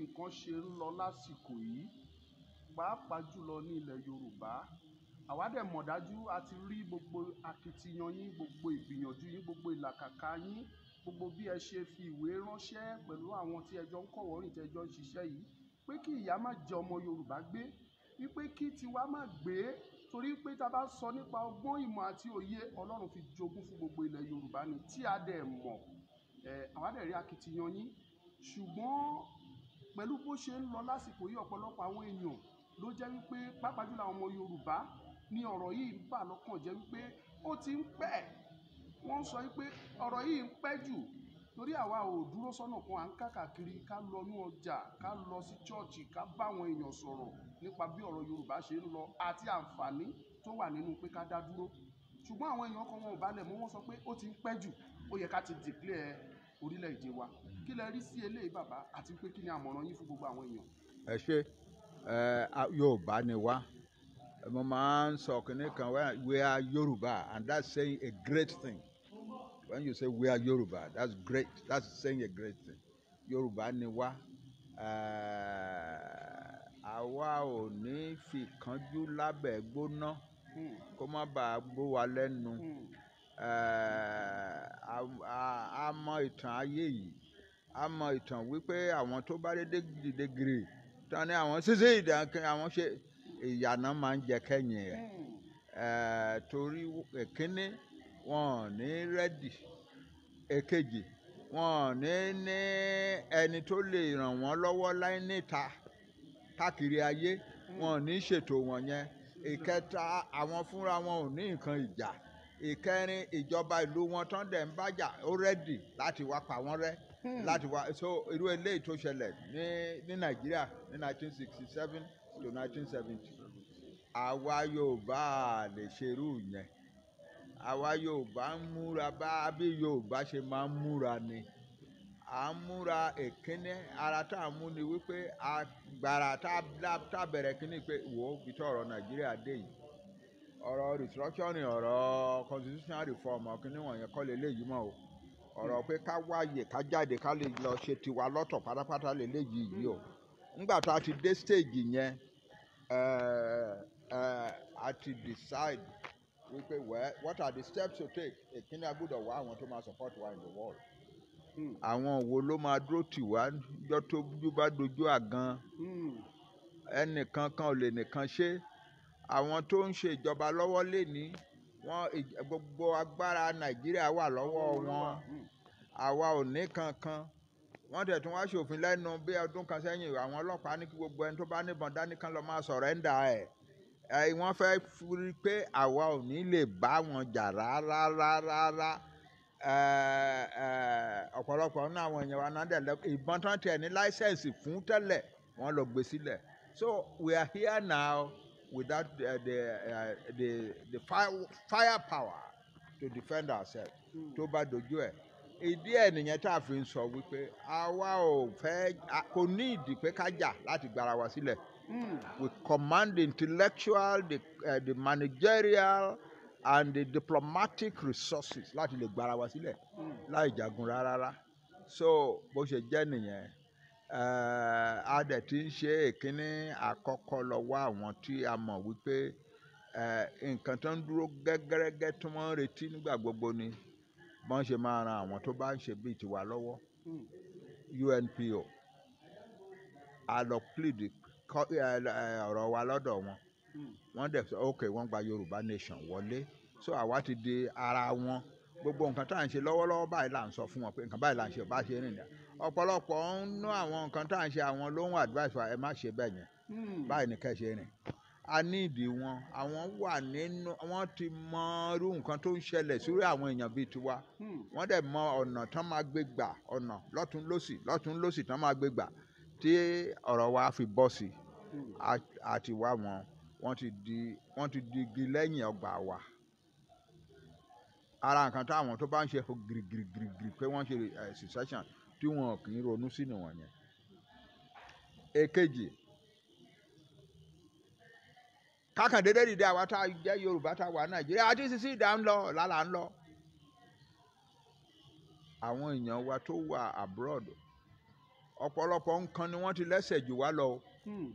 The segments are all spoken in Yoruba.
nǹkan ṣe ń lọ lásìkò yìí pàápàá jùlọ ní ilẹ̀ Yorùbá àwa dẹ̀ mọ̀ dájú a ti rí gbogbo akitiyan yín gbogbo ìgbìyànjú yín gbogbo ìlàkàkà yín gbogbo bí ẹ ṣe fi ìwé ránṣẹ́ pẹ̀lú àwọn tí ẹjọ́ ń kọ̀wọ́ rìn tẹ́jọ́ ń ṣiṣẹ́ yìí pé kí ìyà má jẹ ọmọ Yorùbá gbé wípé kí tiwa má gbé torí pé tá bá sọ nípa ọgbọ́n ìmọ̀ àti òye Ọlọ́run fi jogún fún gbogbo ilẹ̀ Yorùbá ni tí a dẹ̀ mọ̀ àwa rí akitiyan yín ṣùgbọ́n pẹ̀lú bó ṣe ń lọ lásìkò yìí ọ̀pọ̀lọpọ̀ àwọn èèyàn ló jẹ́ wípé pàápàá jùlọ àwọn ọmọ Yorùbá ni ọ̀rọ̀ yìí ń bà lọ́kàn jẹ́ wípé ó ti ń pẹ́ wọ́n ń sọ wípé ọ̀rọ̀ yìí ń pẹ́ jù torí àwa ò dúró sọ́nà kan à ń kákàkiri ká lọ ní ọjà ká lọ sí chọ́ọ̀chì ká bá àwọn èèyàn sọ̀rọ̀ nípa bí ọ̀rọ̀ Yorùbá ṣe ń lọ àti àǹfààní tó wà nínú pé ká dá dúró ṣùgbọ́n àwọn èèyàn kan wọn ò balẹ̀ mọ́ wọ́n sọ pé ó ti ń pẹ́ jù ó yẹ ká ti declare orílẹ̀-èdè wa kí lẹ rí sí eléyìí bàbá àti pé kí ni àmọ̀ràn yín fún gbogbo àwọn èèyàn. ẹ ṣe Yorùbá ni wá mo máa ń sọ kìnìún kan we are Yoruba, and that's saying a great thing when you say we are Yoruba, that's great that's saying a great thing Yoruba ni wá àwa ò ní fìkánjú lábẹ́ gbóná hmm. kó má bàa gbó wa lẹ́nu. Hmm. Eh, a mọ ìtàn ayé yìí a mọ ìtàn wípé àwọn tó bá dédé dìde gèrè tán ni àwọn ṣíṣe ìdánkẹ́ àwọn ṣe ìyànà máa ń jẹ kẹ́yìn rẹ̀ eh, torí èkíní wọn ò ní rẹ́dì èkejì wọn ò ní ní ẹni tó lè ràn wọ́n lọ́wọ́ láì níta káàkiri ayé wọn ò ní ṣètò wọn yẹn ìkẹta àwọn fúnra wọn ò ní nǹkan ìjà ìkẹrin ìjọba ìlú wọn tán dẹ̀ ń bájà ó rẹ́dì láti wá pa wọ́n rẹ́ hmm. láti wá so irú eléyìí tó ṣẹlẹ̀ ní ní nàìjíríà ní nineteen sixty seven to nineteen seventy àwa yorùbá lè ṣerú yẹn àwa yorùbá ń múra bá bí yorùbá ṣe máa ń múra ni à ń múra èkínní ara tá a mú ni wípé agbára tá a bẹ̀rẹ̀ kínní pé wò ó fi tọ̀rọ̀ nàìjíríà dé yìí ọ̀rọ̀ restructuring ọ̀rọ̀ constitution reform ọ̀kíní wọ̀nyẹn kọ́ lè léyìí mọ́ o ọ̀rọ̀ pé ká wáyè ká jáde ká lè lọ ṣe tiwa lọ́tọ̀ pátápátá lè léyìí yìí o ńgbà tá a ti dé stage yẹn eh, eh, a ti decide wípé well what are the steps to take èkíní agbọ́dọ̀ wá àwọn tó máa support wa in the world hmm. àwọn wo ló máa dúró tì wá jọ́ tó bá dojú àgan hmm. ẹnìkan kan ò lè nìkan ṣe àwọn tó ń ṣe ìjọba lọ́wọ́ lénìí wọn gbogbo agbára nàìjíríà wà lọ́wọ́ wọn àwa ò ní kankan wọ́n dẹ̀ tún wá ṣòfin lẹ́nu bí ọdún kan sẹ́yìn àwọn ọlọ́pàá ní kí gbogbo ẹni tó bá níbọn dání kan lọ máa sọ̀rẹ́ǹdà ẹ̀ ẹ̀ wọ́n fẹ́ fúri pé àwa ò ní lè bá wọn jà rárá rárá rárá ọ̀pọ̀lọpọ̀ nínú àwọn èèyàn wa náà dẹ̀ ìbọn tán tiẹ̀ ní láísẹ̀nsì fún tẹ́lẹ̀ wọ́n lọ gbé sílẹ̀ so we are here now without uh, the, uh, the the fire firepower to defend ourselves. Hmm. tó bá dojú ẹ ìdí ẹ nìyẹn tá a fi ń sọ wípé àwa ò fẹ́ kò ní ìdí pé ká jà láti gbára wa sílẹ̀. Hmm. we command the intellectual the, uh, the managerial and the diplomatic resources láti lè gbára wa sílẹ̀ hmm. láì jagun rárá so bó ṣe jẹ́ nìyẹn. Eh, a dẹ̀ ti ń ṣe ìkíní àkọ́kọ́ lọ́wọ́ àwọn tí a mọ̀ wípé eh, nǹkan tó ń dúró gẹ́gẹ́rẹ́gẹ́ tí wọ́n ń retí nígbà gbogbo ni bọ́n ṣe máa ran àwọn tó bá ń ṣe bíi tiwa lọ́wọ́ UNPO a eh, ọ̀rọ̀ wa lọ́dọ̀ wọn wọ́n dẹ̀ sọ ok wọ́n gba Yorùbá nation wọlé so àwa ti di ara wọn gbogbo nǹkan tá à ń ṣe lọ́wọ́lọ́wọ́ báyìí là ń sọ fún wọn pé nǹkan báyìí là ń ṣe bá ṣe rìn ọ̀pọ̀lọpọ̀ ń ná àwọn nǹkan tá à ń ṣe àwọn ló ń advice wa ẹ má ṣe bẹ́ẹ̀ yẹn hmm. báyìí ni kẹ́ ṣe rìn a ní ìdí wọn àwọn wà nínú wọn ti mọ irú nǹkan tó ń ṣẹlẹ̀ sórí àwọn èèyàn bíi tiwa hmm. wọ́n dẹ̀ mọ ọ̀nà tán máa gbé gbà ọ̀nà lọ́tún lósì lọ́tún lósì tán máa gbé gbà tí ọ̀rọ̀ wa fi bọ́ sí àti hmm. wá wọn wọ́n ti di wọ́n ti di lẹ́yìn ọgbà wa ara nǹkan táwọn tó bá ń ṣe fún girigirigiri pé wọ́n ṣe eh, secession tí wọn kì í ronú sínú wọn yẹn. èkejì kákàndéédé dìde àwa tá a jẹ́ yorùbá tá a wà nàìjíríà àti sisi ìdá ń lọ lálà ń lọ. àwọn èèyàn wa tó wà abroad ọ̀pọ̀lọpọ̀ nǹkan ni wọ́n ti lẹ́sẹ̀ jù wá lọ. Hmm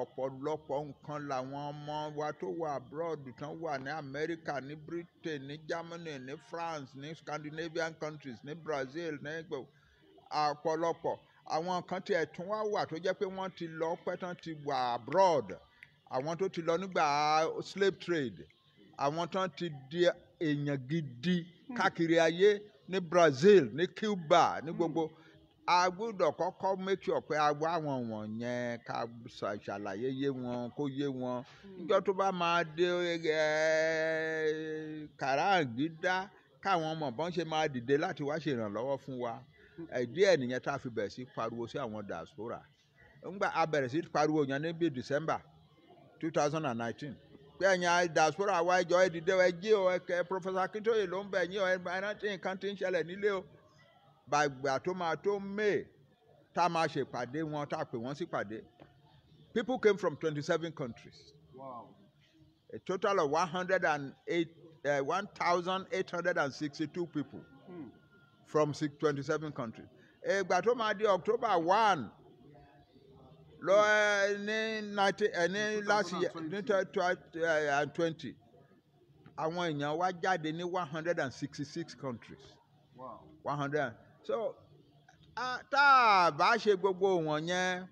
ọ̀pọ̀lọpọ̀ nǹkan làwọn ọmọ wa tó wà abroad tán wà ní America ní Britain ní Germany ní France ní Scandinavian countries ní Brazil ní ọ̀pọ̀lọpọ̀ àwọn kan tí ẹ̀ tún wá wà tó jẹ́ pé wọ́n ti lọ pẹ́ tán ti wà abroad àwọn tó ti lọ nígbà slave trade àwọn tán ti di èèyàn gidi hmm. káàkiri ayé ní Brazil ní Cuba ní hmm. gbogbo. Mm -hmm a gbọ́dọ̀ kọ́kọ́ make sure pé a wá àwọn wọ̀nyẹn ká ṣàlàyé yé wọn kó yé wọn níjọ́ hmm. tó bá máa dé kàràǹgídá káwọn ọmọ bọ́n ṣe máa dìde láti wá ṣèrànlọ́wọ́ fún wa hmm. díẹ̀ nìyẹn tá a fi bẹ̀rẹ̀ sí pariwo sí àwọn diaspora ńgbà a bẹ̀rẹ̀ sí pariwo yẹn níbi December two thousand and nineteen pé ẹ̀yin diaspora wa ẹjọ́ ẹ dìde ẹ jí o ẹ kẹ Professor Akintoye ló ń bẹ̀ yín o ẹ rántí nǹkan tí ń ṣẹlẹ̀ nílé o gbàgbà tó máa tó may tá a máa ṣèpàdé wọn tá a pè wọ́n sípàdé people came from twenty-seven countries wow. a total of one hundred and eight eh, one thousand eight hundred and sixty-two people hmm. from twenty-seven countries ìgbà tó máa di October one lọ eh, ní nineteen eh, ní last year ní twenty àwọn èèyàn wá jáde ní one hundred and sixty-six countries. Wow. 100 so tá a bá ṣe gbogbo wọn yẹn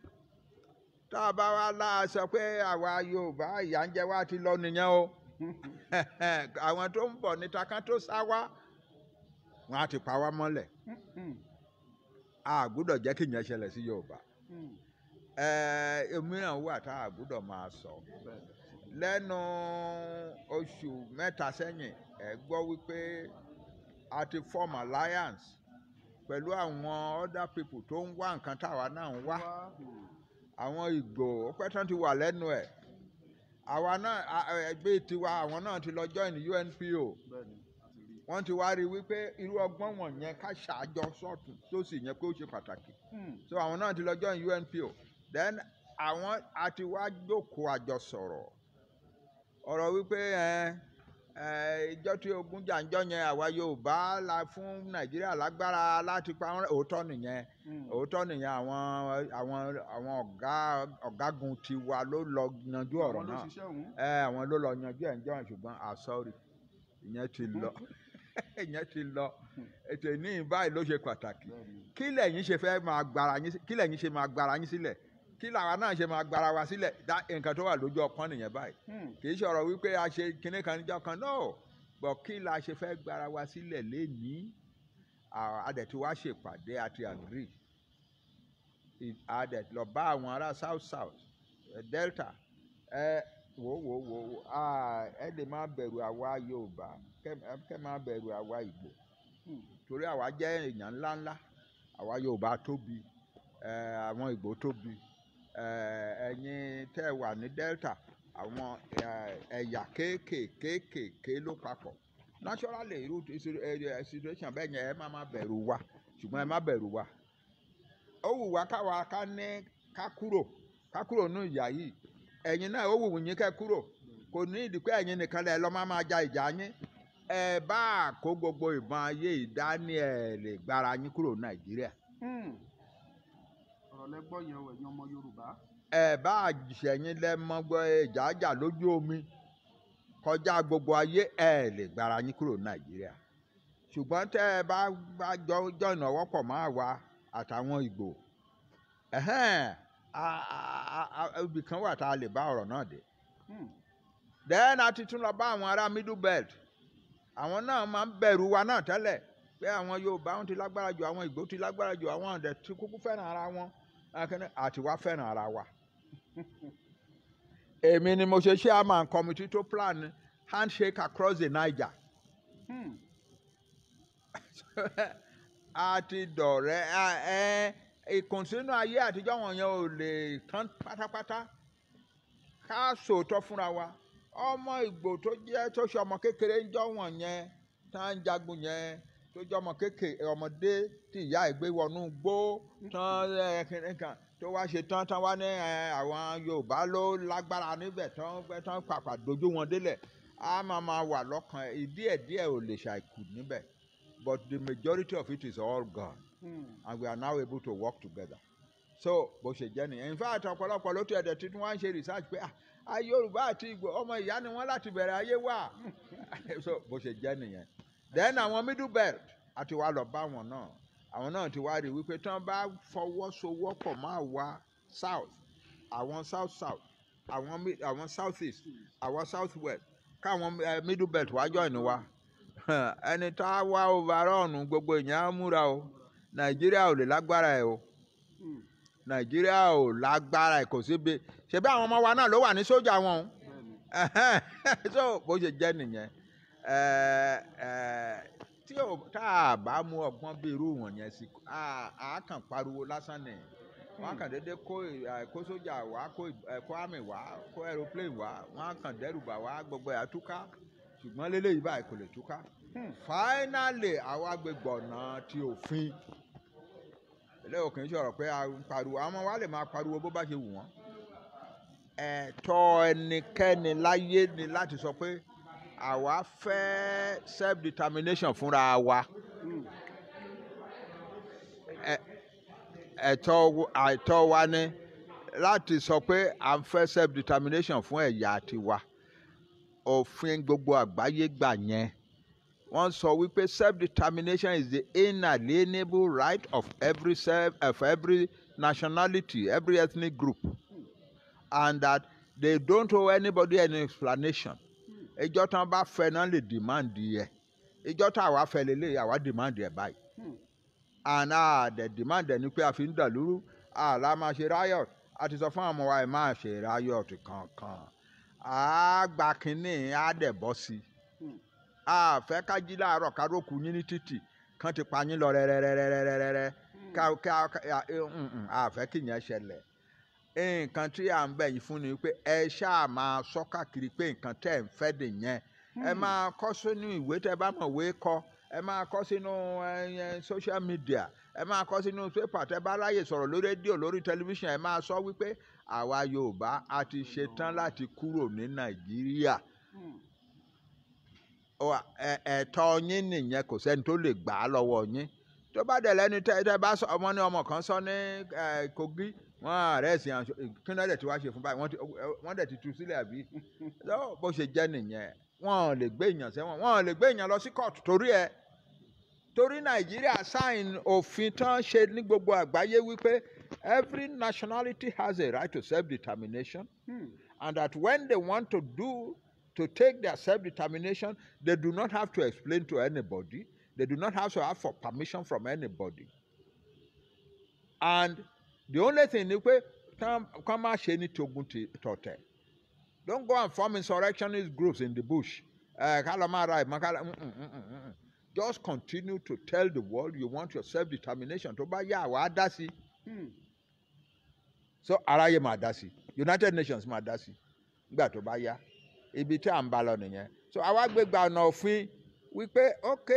tá a bá wá láà sọ pé àwa Yorùbá ìyà ń jẹ wá ti lọ nìyẹn o àwọn tó ń bọ̀ níta kan tó sá wá wọn á ti pa wá mọ́lẹ̀ a gbọ́dọ̀ jẹ́ kí ìyẹn ṣẹlẹ̀ sí Yorùbá mìíràn wà tá a gbọ́dọ̀ máa sọ lẹ́nu oṣù mẹ́ta sẹ́yìn ẹ gbọ́ wípé a ti form alliance pẹ̀lú àwọn other people tó ń wá nǹkan táwa náà ń wá àwọn Ìgbò ọpẹ́ tán ti wà lẹ́nu ẹ̀ àwa náà ẹgbẹ́ tiwa àwọn náà ti lọ join UNPO wọ́n ti wá rí wípé irú ọgbọ́n wọ̀nyẹn ká ṣàjọ sọ́ọ̀tún tó sì yẹn pé ó ṣe pàtàkì hmm. so àwọn náà ti lọ join UNPO then àwọn àti wá jókòó àjọsọ̀rọ̀ ọ̀rọ̀ wípé ẹ̀. Eh, ìjọ eh, tí ogun jàǹjọ yẹn àwa Yorùbá la fún Nàìjíríà lágbára láti pa wọn òótọ́ nìyẹn hmm. òótọ́ nìyẹn àwọn àwọn àwọn ọ̀gá ọ̀gágun tiwa ló lọ yanjú ọ̀rọ̀ náà eh, àwọn ló lọ yanjú ẹ̀ ń jọ́ ṣùgbọ́n àsọ̀rì ah, ìyẹn ti lọ ìyẹn ti lọ ètò ìní báyìí ló ṣe pàtàkì kí lẹ̀yin ṣe fẹ́ máa gbára yín kí lẹ̀yin ṣe máa gbára yín sílẹ̀ kí làwa náà ṣe máa gbara wa sílẹ̀ dá nǹkan tó wà lójú ọpọ́n nìyẹn báyìí hmm. kì í ṣọ̀rọ̀ wípé a ṣe kinní kan níjọ́ kan náà bọ̀ kí la ṣe fẹ́ gbara wa sílẹ̀ lénìí adẹ̀tí wa ṣèpàdé àti àgírí adẹ̀tí lọ bá àwọn ará south south eh, delta ẹ wò wò wò ẹ lè má bẹ̀rù àwa yorùbá kẹ́ má bẹ̀rù àwa ìgbò hmm. torí àwa jẹ́ èèyàn ńláńlá àwa yorùbá tóbi eh, àwọn ìgbò tóbi. Eh, ẹ̀yin tẹ́ wà ní delta àwọn eh, ẹ̀yà kéékèèké ló papọ̀ naturally irú eh, situation bẹ́ẹ̀ yẹn ẹ má má bẹ̀rù wa ṣùgbọ́n ẹ má bẹ̀rù wa ó wù wá káwa ká ní ká kúrò ká kúrò nù ìyá yìí náà ó wù kúrò kò ní ìdíkọ́ gbogbo ìbọn ayé ẹ̀ lè gbára yín kúrò ọ̀rọ̀ yẹn ọmọ Yorùbá. ẹ bá ìjàjà lójú omi kọjá gbogbo ayé ẹ lè gbára yín kúrò Nàìjíríà ṣùgbọ́n tẹ́ ẹ bá bá jọ jọ̀nà máa wá àtàwọn Ìgbò middle belt àwọn náà máa ń bẹ̀rù wa náà tẹ́lẹ̀ pé àwọn Yorùbá wọn ti lágbára jù àwọn Ìgbò ti ara wọn àti wá fẹ́ràn ara wa èmi ni mo ṣe chairman committee to plan handshake across the Niger hmm. Ati dọ̀rẹ́ ẹ ìkùnsínú ayé àtijọ́ wọn yẹn ò lè tán pátápátá ká sòótọ́ fúnra wa ọmọ ìgbò tó jẹ́ tó ṣe ọmọ kékeré ń jọ́ wọn yẹn tá ń jagun yẹn tó jẹ́ ọmọ kéèké ọmọdé tí ìyá ẹ̀ gbé wọnú gbó tán ẹ̀kìnrin kan tó wá ṣe tán tán wá ní àwọn Yorùbá ló lágbára níbẹ̀ tán fẹ́ tán pàpà dojú wọn délẹ̀ á máa máa wà lọ́kàn ẹ̀ díẹ̀ ò lè ṣàìkù níbẹ̀ but the majority of it is all gone hmm. and we are now able to work together so bó ṣe jẹ́ nìyẹn in fact ọ̀pọ̀lọpọ̀ ló ti ẹ̀dẹ̀ tuntun wá ń ṣe research pé ah Yorùbá àti Ìgbò ọmọ ìyá ni wọ́n láti bẹ̀rẹ̀ ayé wà so bó ṣe jẹ́ nìyẹn then àwọn middle belt àti wàá lọ bá wọn náà àwọn náà ti wá rí wípé tí wọn bá fọwọ́sowọ́pọ̀ máa wá south àwọn south south àwọn àwọn south east àwọn south west káwọn eh, middle belt wá join wa ẹni tó á wá overall gbogbo ìyẹn á múra o nàìjíríà ò lè lágbára ẹ o nàìjíríà ò lágbára ẹ kò síbi ṣebí àwọn ọmọ wa náà ló wà ní sójà wọn o so bó ṣe jẹ́ nìyẹn tí tá a bá mú ọgbọ́n bí irú yẹn sí a kàn pariwo lásán ni wọn hmm. kàn déédéé kó sójà wá kó àmì wá kó aeroplane wá wọn kàn dẹ́rùbà wá gbogbo àtúká ṣùgbọ́n lélẹ́yìí báyìí kò lè túká hmm. finally àwọn agbègbè ọ̀nà ti òfin lẹ́yìn kì í pé a ń pariwo àwọn wa lè máa pariwo bó bá ṣe wù wọ́n ẹ̀tọ́ ẹnikẹ́ni láyé ni láti sọ pé àwa fẹ́ self determination fúnra wa ẹ̀tọ́ àìtọ́ wa ni láti sọ pé à ń fẹ́ self determination fún ẹ̀yà tiwa òfin gbogbo àgbáyé gbà yẹn wọ́n sọ wípé self determination is the inalienable right of every self of every nationality every ethnic group and that they don't owe anybody any explanation ìjọ tán bá fẹ́ náà lè demand yẹ ìjọ tá àwa fẹ́ lélẹ̀ àwa demand yẹ báyìí àná hmm. àdẹ̀ demand ẹ̀ ni pé a fi ń dàlúrú àlá máa ṣe riot a ti sọ fún àwọn ọmọ wa ẹ̀ máa ṣe riot kankan àgbà kínní á dẹ̀ bọ́ sí i àfẹ́ hmm. ká jí láàárọ̀ ká rókù yín ní títì kan ti pa yín lọ rẹ́rẹ́rẹ́rẹ́rẹ́rẹ́ hmm. ká ká àfẹ́ mm, mm, mm, kìyẹn ṣẹlẹ̀ nǹkan tí à ń bẹ̀ yìí fún ni pé ẹ ṣáà máa sọ káàkiri pé nǹkan tẹ́ ẹ̀ ń fẹ́ nìyẹn ẹ hmm. máa kọ sínú ìwé tẹ bá mọ̀ wé kọ ẹ máa kọ sínú social media ẹ máa kọ sínú pépà tẹ bá ráyè sọ̀rọ̀ lórí rédíò lórí tẹlifíṣàn ẹ máa sọ wípé àwa Yorùbá a ti ṣe tán láti kúrò ní Nàìjíríà hmm. ẹ̀tọ́ yín nìyẹn kò sẹ́ni tó lè gbà á lọ́wọ́ yín tó bá dẹ̀ lẹ́ni tẹ́ bá ọmọ ní ọmọ kan sọ ní Kogi. wọ́n àrẹ́sì àṣọ kí náà dẹ̀ ti wá ṣe fún báyìí wọ́n dẹ̀ ti tú sílẹ̀ àbí bó ṣe jẹ́ nìyẹn wọ́n lè gbé èèyàn sẹ́wọ̀n wọ́n lè gbé èèyàn lọ sí kóòtù torí ẹ̀ torí nàìjíríà sign òfin tán ṣe ní gbogbo àgbáyé wípé every nationality has a right to self-determination hmm. and that when they want to do to take their self-determination they do not have to explain to anybody they do not have to ask for permission from anybody and the only thing ni pé kàn má ṣe ní togun tọ̀tẹ̀ don't go and form insurrectionist groups in the bush kálọ̀ máa ra mm, mm, mm, just continue to tell the world you want your self determination tó bá yá àwa á hmm. so aráyé máa dá sí united nations máa dá nígbà tó bá yá ibi tí à ń bá lọ nìyẹn so àwa gbégbá ọ̀nà òfin wípé ok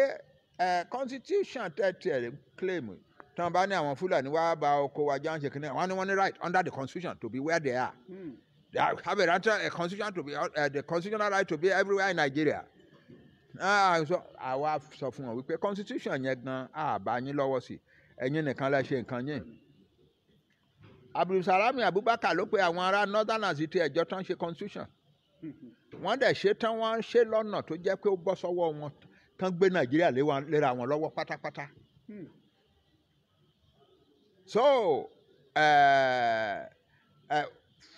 uh, constitution tẹ̀tẹ̀ claim tí wọ́n bá ní àwọn fúlàní wá bá oko wa jẹ́ àǹṣe kìnìún wọ́n ní wọ́n ní right under the constitution to be where they are. Mm. They have a right a constitution to be uh, the constitutional right to be everywhere in Nigeria. Ah, àwa sọ fún wọn wípé constitution yẹn gan àbá yín lọ́wọ́ sí ẹ̀yin nìkan lẹ́ ṣe nǹkan yín. Abdulsalami Abubakar ló pe àwọn ará northerners ti ẹ̀jọ́ tán ṣe constitution. wọ́n dẹ̀ ṣe tán wọ́n ṣe lọ́nà tó jẹ́ pé ó bọ́ sọ́wọ́ wọn tán gbé Nàìjíríà léra wọn lọ́wọ́ pátápátá. Hmm. so ẹẹ eh, ẹ eh,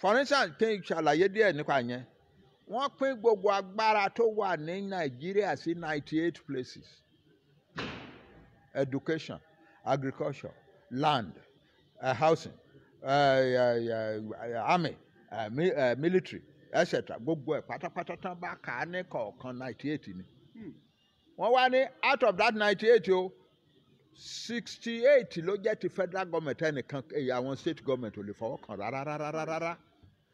for instance kí n ṣàlàyé díẹ̀ nípa yẹn wọ́n pín gbogbo agbára tó wà ní nàìjíríà sí ninety eight places education agriculture land uh, housing uh, uh, uh, army military etc gbogbo ẹ̀ pátápátá tán bá kà á ní kọ̀ọ̀kan ninety ni hmm. wọ́n wá ní out of that ninety o. sixty eight ló jẹ́ ti federal government ẹnìkan èyí àwọn state government ò lè fọwọ́ kàn rárá rárá rárá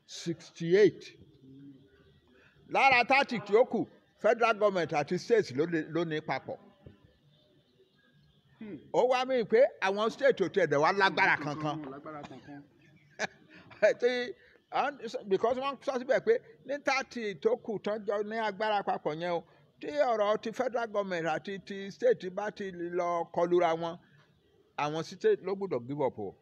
sixty eight lára thirty tí ó kù federal government àti state ló ní papọ̀ ó wá mí pé àwọn state ò tẹ̀ dẹ̀ wá lágbára kankan tí because wọ́n sọ síbẹ̀ pé ní thirty tó kù tán jọ ní agbára papọ̀ yẹn o tí ọ̀rọ̀ ti federal government àti ti state bá ti lọ kọlura wọn àwọn state ló gbọ́dọ̀ give up o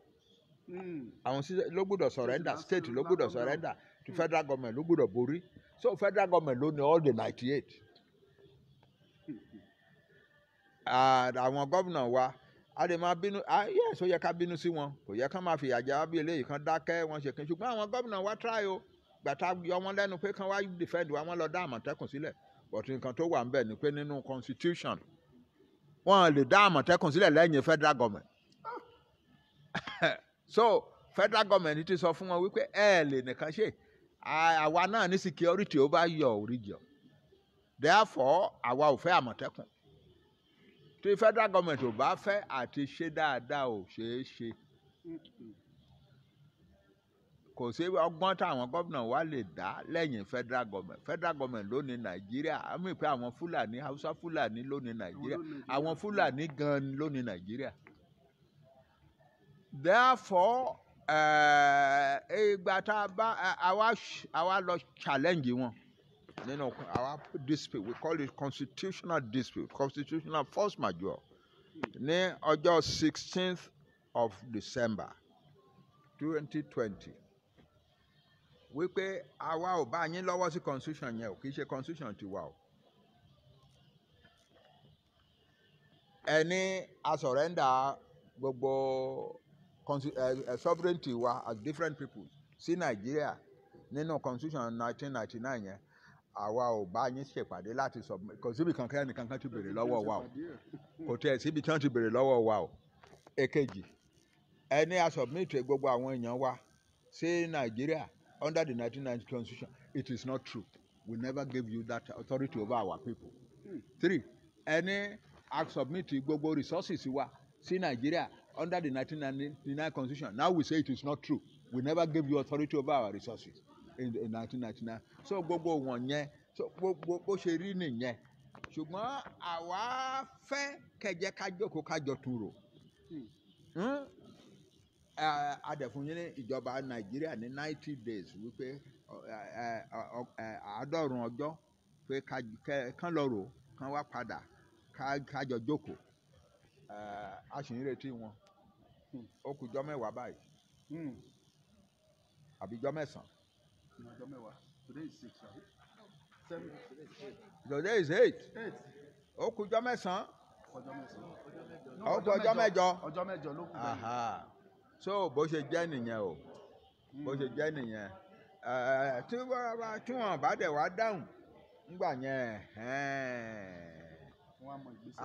hmm. àwọn state ló gbọ́dọ̀ surrender state ló gbọ́dọ̀ surrender ti federal government ló gbọ́dọ̀ borí so federal government ló ní all the ninety eight àwọn gómìnà wa a lè máa bínú ah, yes ó yẹ ká bínú sí wọn kò yẹ ká máa fìyà jẹ bí eléyìí kan dákẹ́ wọn ṣe kí n ṣùgbọ́n àwọn gómìnà wa try o gbàtà yọ wọn lẹ́nu pé kán wá defend wa wọn lọ dá àmọ̀tẹ́kùn sílẹ̀ but nǹkan tó wà níbẹ̀ ni pé nínú constitution wọ́n lè dá àmọ̀tẹ́kùn sílẹ̀ lẹ́yìn federal government so federal government ti sọ fún wọn wípé ẹ lè nìkan ṣe àwa náà ní security over your region therefore àwa ò fẹ́ àmọ̀tẹ́kùn tí federal government ò bá fẹ́ àti ṣe dáadáa ò ṣeé ṣe kò sí ọgbọ́n táwọn gómìnà wa lè dá lẹ́yìn federal government federal government ló ní nàìjíríà àmì pé àwọn fúlàní haúsá fúlàní ló ní nàìjíríà àwọn fúlàní gan ló ní nàìjíríà. therefore eh, ìgbà tá a bá àwa lọ challenge wọn nínú àwa dispute we call it constitutional dispute constitutional force majeure ní ọjọ́ sixteenth of December twenty twenty wípé àwa ò bá yín lọ́wọ́ sí constitution yẹn o kì í ṣe constitution tiwa o. ẹ ní a surrender gbogbo eh, eh, sovereignty wa as different people sí Nàìjíríà nínú constitution nineteen ninety nine yẹn àwa ò bá yín ṣèpàdé láti sọ kò síbi kankan ẹnì kankan ti béèrè lọ́wọ́ wa o kò tẹ̀ síbi tí wọ́n ti béèrè lọ́wọ́ wa o èkejì ẹni a submit gbogbo àwọn èèyàn wa sí Nàìjíríà under the 1990 constitution, it is not true. We never gave you that authority over our people. Mm. Three, any act submit gbogbo resources wa sí Nigeria under the 1999 constitution. Now we say it is not true. We never gave you authority over our resources in, in 1999. So gbogbo wọn yẹn so gbogbo bó ṣe rí nìyẹn. Ṣùgbọ́n àwa fẹ́ kẹjẹ kájọ́kó kájọ tún rò. Hmm? adẹ̀fúnyín ìjọba nàìjíríà ní ninety days wípé àádọ́rùn ọjọ́ pé kán lọ rò kán wá padà kájọ jókòó a sì ń retí wọn ó kù jọ́ mẹ́wàá báyìí hmm. àbí jọ́ mẹ́sàn-án. mẹ́wàá is eight. ó kù mẹ́sàn mẹ́sàn ó kù ọjọ́ mẹ́jọ. ọjọ́ mẹ́jọ ló kù báyìí. so bó ṣe jẹ́ nìyẹn o bó ṣe jẹ́ nìyẹn tí wọ́n bá dẹ̀ wá dáhùn ńgbà yẹn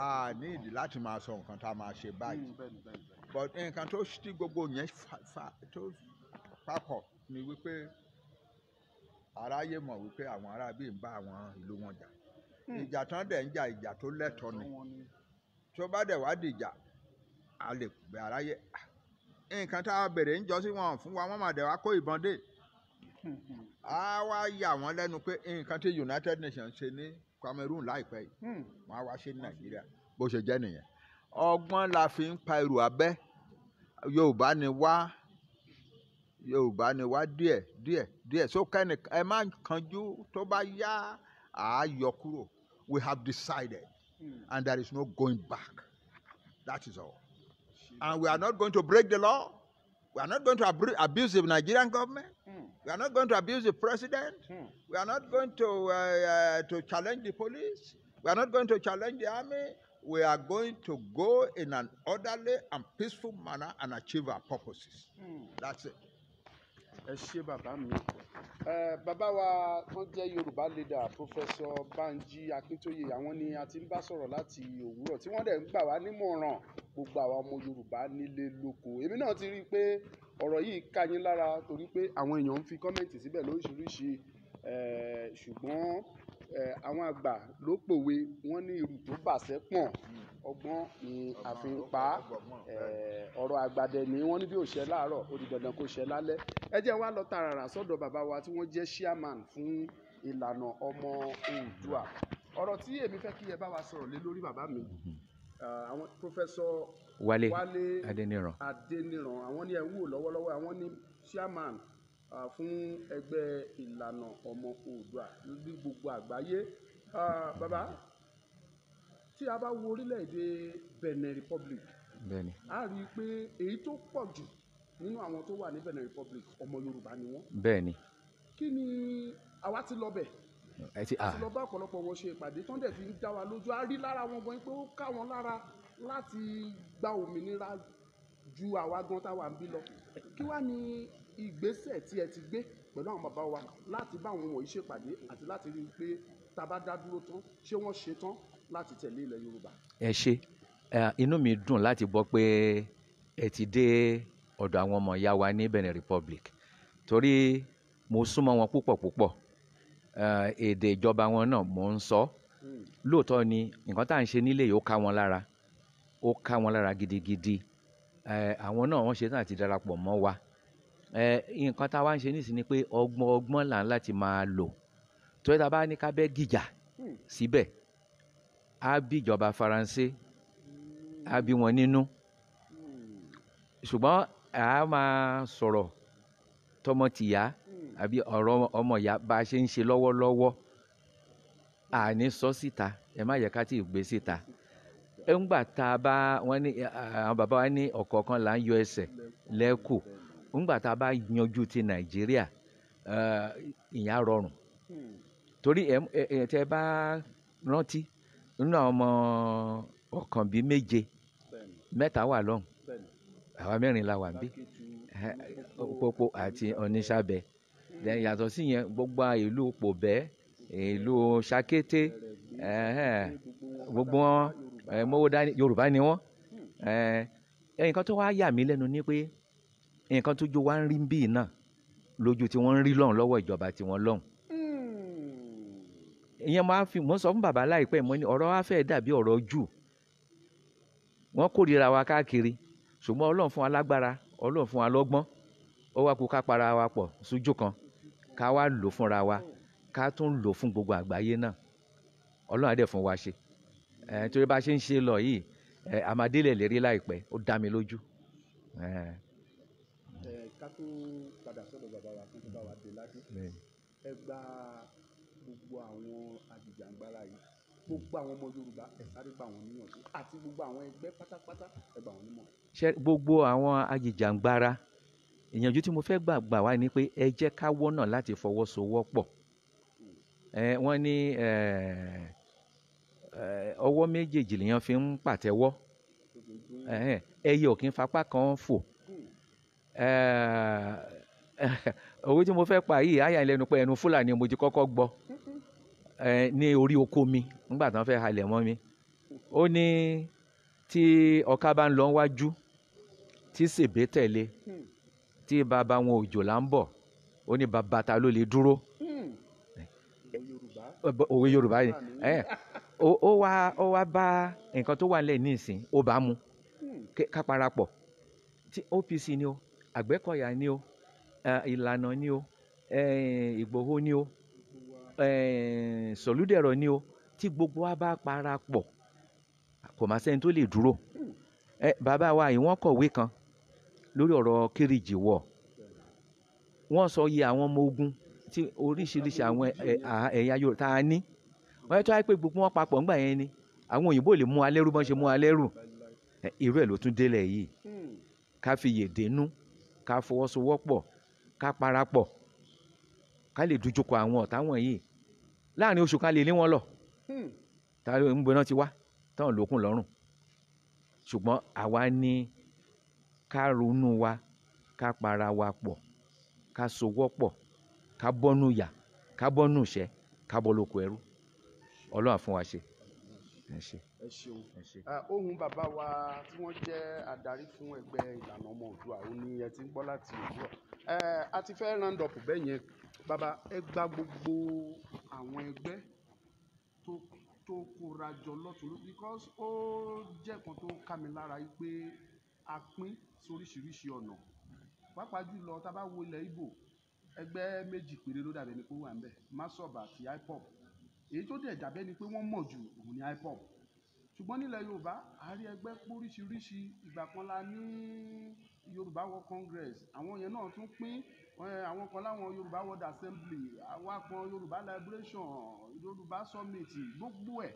a ní ìdí láti máa sọ nǹkan tá a máa ṣe báyìí mm, but nǹkan tó ti gbogbo yẹn tó papọ̀ ni wípé aráyé mọ̀ wípé àwọn arábí ń bá àwọn ìlú wọn jà hmm. ìjà tán dẹ̀ ń jà ìjà tó lẹ́tọ̀ọ́ ni tí bá dẹ̀ wá dìjà a lè bẹ aráyé a nǹkan tá a bèrè ń jọ sí wọn fún wa wọ́n mà dẹ̀ wá kó ìbọn dé a wá yà wọ́n lẹ́nu pé nǹkan tí United Nations ṣe ní Cameroon láìpẹ́ yìí hmm. wọ́n á wá ṣe ní Nàìjíríà bó ṣe jẹ́ nìyẹn ọgbọ́n la fi ń pa irú abẹ́ Yorùbá ni wá Yorùbá ni wá díẹ̀ díẹ̀ díẹ̀ so kẹ́ni ẹ má kanjú tó bá yá àáyọ kúrò we have decided hmm. and there is no going back that is all. And we are not going to break the law. We are not going to abuse the Nigerian government. Mm. We are not going to abuse the president. Mm. We are not going to, uh, uh, to challenge the police. We are not going to challenge the army. We are going to go in an orderly and peaceful manner and achieve our purposes. Mm. That's it. ẹ ṣé bàbá mi bàbá wa wọ́n jẹ́ yorùbá leader pòfẹ́sọ banji akintoye àwọn ni a ti ń bá sọ̀rọ̀ láti òwúrọ̀ tí wọ́n dẹ̀ ń gbà wá nímọ̀ràn gbogbo àwọn ọmọ yorùbá nílé lóko èmi náà ti rí i pé ọ̀rọ̀ yìí ká yín lára torí pé àwọn èèyàn ń fi kọ́mẹ̀ntì síbẹ̀ lóríṣiríṣi ṣùgbọ́n àwọn àgbà ló pòwe wọ́n ní irú tó bàṣẹ́ pọ̀n ọgbọ́n ni a fi ń pa á eh, ọ̀rọ̀ àgbàdẹ ni wọ́n ní bí ò ṣe láàárọ̀ ó di dandan kó ṣe lálẹ́ ẹ jẹ́ wá lọ tààràrà sọ́dọ̀ bàbá wa tí wọ́n jẹ́ chairman fún ìlànà ọmọ oòdùà ọ̀rọ̀ tí èmi fẹ́ kí ẹ bá wa sọ̀rọ̀ lé lórí bàbá mi eh, àwọn pòfẹ́sọ̀ Wálé Adéníran Adéníran àwọn ni ẹ ń wò lọ́wọ́lọ́wọ́ àwọn ni chairman ah, fún ẹgbẹ́ ìlànà ọmọ oòdùà ní gbogbo àgbáyé ah, bàbá tí a bá wo orílẹ̀-èdè Benin Republic bẹ́ẹ̀ni a rí i pé èyí tó pọ̀ jù nínú àwọn tó wà ní Benin Republic ọmọ Yorùbá ni wọ́n. bẹ́ẹ̀ni. kí ni àwa ti lọ bẹ̀ ẹ ti a. a ti lọ bá ọ̀pọ̀lọpọ̀ wọn ṣe ìpàdé tán dẹ̀ fi ń dá wa lójú a rí lára wọn gan pé ó ká wọn lára láti gba òmìnira ju àwa gan táwa ń bí lọ kí wàá ní ìgbésẹ̀ tí ẹ ti gbé pẹ̀lú àwọn bàbá wa láti bá àwọn wọ̀nyí ṣèpàdé àti láti rí i pé tá a bá dá dúró tán ṣé wọ́n ṣe tán láti tẹ̀lé ilẹ̀ Yorùbá. ẹ ṣe inú mi dùn láti gbọ́ pé ẹ ti dé ọ̀dọ̀ àwọn ọmọ ìyá wa ní Benin Republic torí mo súnmọ́ wọn púpọ̀ púpọ̀ èdè ìjọba wọn náà mò ń sọ hmm. lóòótọ́ ni nǹkan tá à ń ṣe nílé yìí ó ká wọn lára ó ká wọn lára gidigidi àwọn náà wọ́n ṣe tán àti darapọ̀ mọ́ wa nǹkan tá a wá ń ṣe nísìnyí pé ọgbọ́n ọgbọ́n là ń láti máa lò torí tá a bá ní ká bẹ́ gìjà hmm. síbẹ̀ á bí ìjọba faransé á bí wọn nínú hmm. ṣùgbọ́n a máa sọ̀rọ̀ tọmọ tìyá hmm. àbí ọ̀rọ̀ ọmọ bá a ṣe ń ṣe lọ́wọ́lọ́wọ́ àní sọ síta ẹ má yẹ ká tí ì gbé síta ńgbà tá a bá wọn ní àwọn bàbá wa ní ọ̀kọ̀ọ̀kan là ń yọ ẹsẹ̀ lẹ́kù ńgbà tá a bá yanjú ti nàìjíríà eh, ìyẹn á rọrùn torí ẹ tẹ bá rántí nínú àwọn ọmọ ọkàn bíi méje mẹ́ta wà lọ́hùn àwa mẹ́rin la wà ń bí Òpópó àti Oníṣàbẹ̀ yàtọ̀ sí yẹn gbogbo ìlú Pòbẹ́ ìlú Ṣakété gbogbo wọn eh, dání Yorùbá ni wọ́n eh, ẹnìkan tó wá yà mí lẹ́nu ni pé nǹkan tó jó wá ń rí bíi náà lójú tí wọ́n ń rí lọ́hùn lọ́wọ́ ìjọba tí wọ́n lọ́hùn. Hmm. ìyẹn máa fi mo sọ fún bàbá láìpẹ́ mo ní ọ̀rọ̀ wa fẹ́ẹ́ dàbí ọ̀rọ̀ jù wọ́n kórìíra wa káàkiri ṣùgbọ́n ọlọ́run fún wa lágbára ọlọ́run fún wa lọ́gbọ́n ó wá kó ká para wa pọ̀ sójú kan ká wá lò fúnra wa ká tún lò fún gbogbo àgbáyé náà ọlọ́run á dẹ̀ fún wa ṣe ẹ̀ torí bá ṣe ń ṣe lọ yìí ẹ̀ àmàdélẹ̀ lérí láìpẹ́ ó dá mi lójú. Eh ká tó padà sọ́dọ̀ bàbá wa tó ti bá wa dé ládé ẹ gba gbogbo àwọn àjìjàngbara yìí gbogbo àwọn ọmọ yorùbá ẹ sáré gbà wọn níyànjú àti gbogbo àwọn ẹgbẹ́ pátápátá ẹ gbà wọn nímọ̀. ṣé gbogbo àwọn àjìjàngbara ìyànjú tí mo fẹ́ gbà gbà wá ni pé ẹ jẹ́ ká wọ́nà láti fọwọ́sowọ́pọ̀ ẹ wọ́n ní ọwọ́ méjèèjì lèèyàn fi ń pàtẹ́wọ́ ẹyẹ ò kí ń fapá kan fò. Eh, owó tí mo fẹ́ pa yìí àyà ìlẹ́nu pé ẹnu fúlàní mo ti kọ́kọ́ gbọ́ eh, ní orí oko mi nígbà tí wọ́n fẹ́ halẹ̀ mọ́ mi ó ní tí ọ̀ká bá ń lọ wájú tí sèbé tẹ̀lé tí bàbá wọn òjòlá ń bọ̀ ó ní bàbá ta ló lè dúró òwe yorùbá yìí eh, ó wá ó wá bá nǹkan tó wà nílẹ̀ nísìn ó bá mu hmm. ká parapọ̀ tí OPC ni o Àgbẹ́kọ̀yà ni o, Ìlànà ni o, Ìgbòho ni o, Sọ̀lúdẹ̀rọ ni o. Tí gbogbo wa bá parapọ̀, kò má ṣẹ́ni tó lè dúró. Bàbá wa yìí wọ́n kọ̀wé kan lórí ọ̀rọ̀ Kérìjí wọ̀. Wọ́n sọ iye àwọn ọmọ ogun tí oríṣiríṣi àwọn ẹ̀yà Yorùbá ta ní. Wọ́n ní pé gbogbo wọn papọ̀ nígbà yẹn ni, àwọn òyìnbó lè mú wa bọ́n ṣe mú wa Irú ẹ̀ ló tún délẹ̀ yìí. Hmm. Ká fi ká fọwọ́sowọ́pọ̀ ká parapọ̀ ká lè dojúkọ àwọn ọ̀tá wọ̀nyí láàrin oṣù ká lè lé wọn lọ hmm. táwọn ń gbóná ti wá táwọn lókun lọ́rùn ṣùgbọ́n àwa ní ká ronú wa ká para wa pọ̀ ká sowọ́pọ̀ ká bọ́nú yà ká bọ́nú ìṣẹ́ ká bọ́ lóko ẹrú ọlọ́run fún wa ṣe ẹ ṣeun ah, ohun bàbá wa tí wọ́n jẹ́ adarí fún ẹgbẹ́ ìlànà ọmọ òdua òun ni ẹ ti ń gbọ́ láti òwúrọ̀ eh, a ti fẹ́ round up bẹ́ẹ̀ yẹn bàbá ẹ gba gbogbo àwọn ẹgbẹ́ tó tó kóra jọ lọ́tún because ó jẹ́ kan tó ká mi lára yìí pé a pín sóríṣiríṣi ọ̀nà pàápàá jùlọ tá a bá wo ilẹ̀ Ìgbò ẹgbẹ́ méjì péré ló dàbẹ́ ni pé wà ń bẹ̀ Masoba àti IPOB èyí tó dẹ̀ dàbẹ́ ni pé wọ́n mọ̀ jù òun ni IPOB ṣùgbọ́n nílẹ̀ Yorùbá a rí ẹgbẹ́ póríṣiríṣi ìgbà kan la ní Yorùbá World Congress àwọn yẹn náà tún pín àwọn kan láwọn Yorùbá World Assembly àwa kan Yorùbá Liberation Yorùbá Summit gbogbo ẹ̀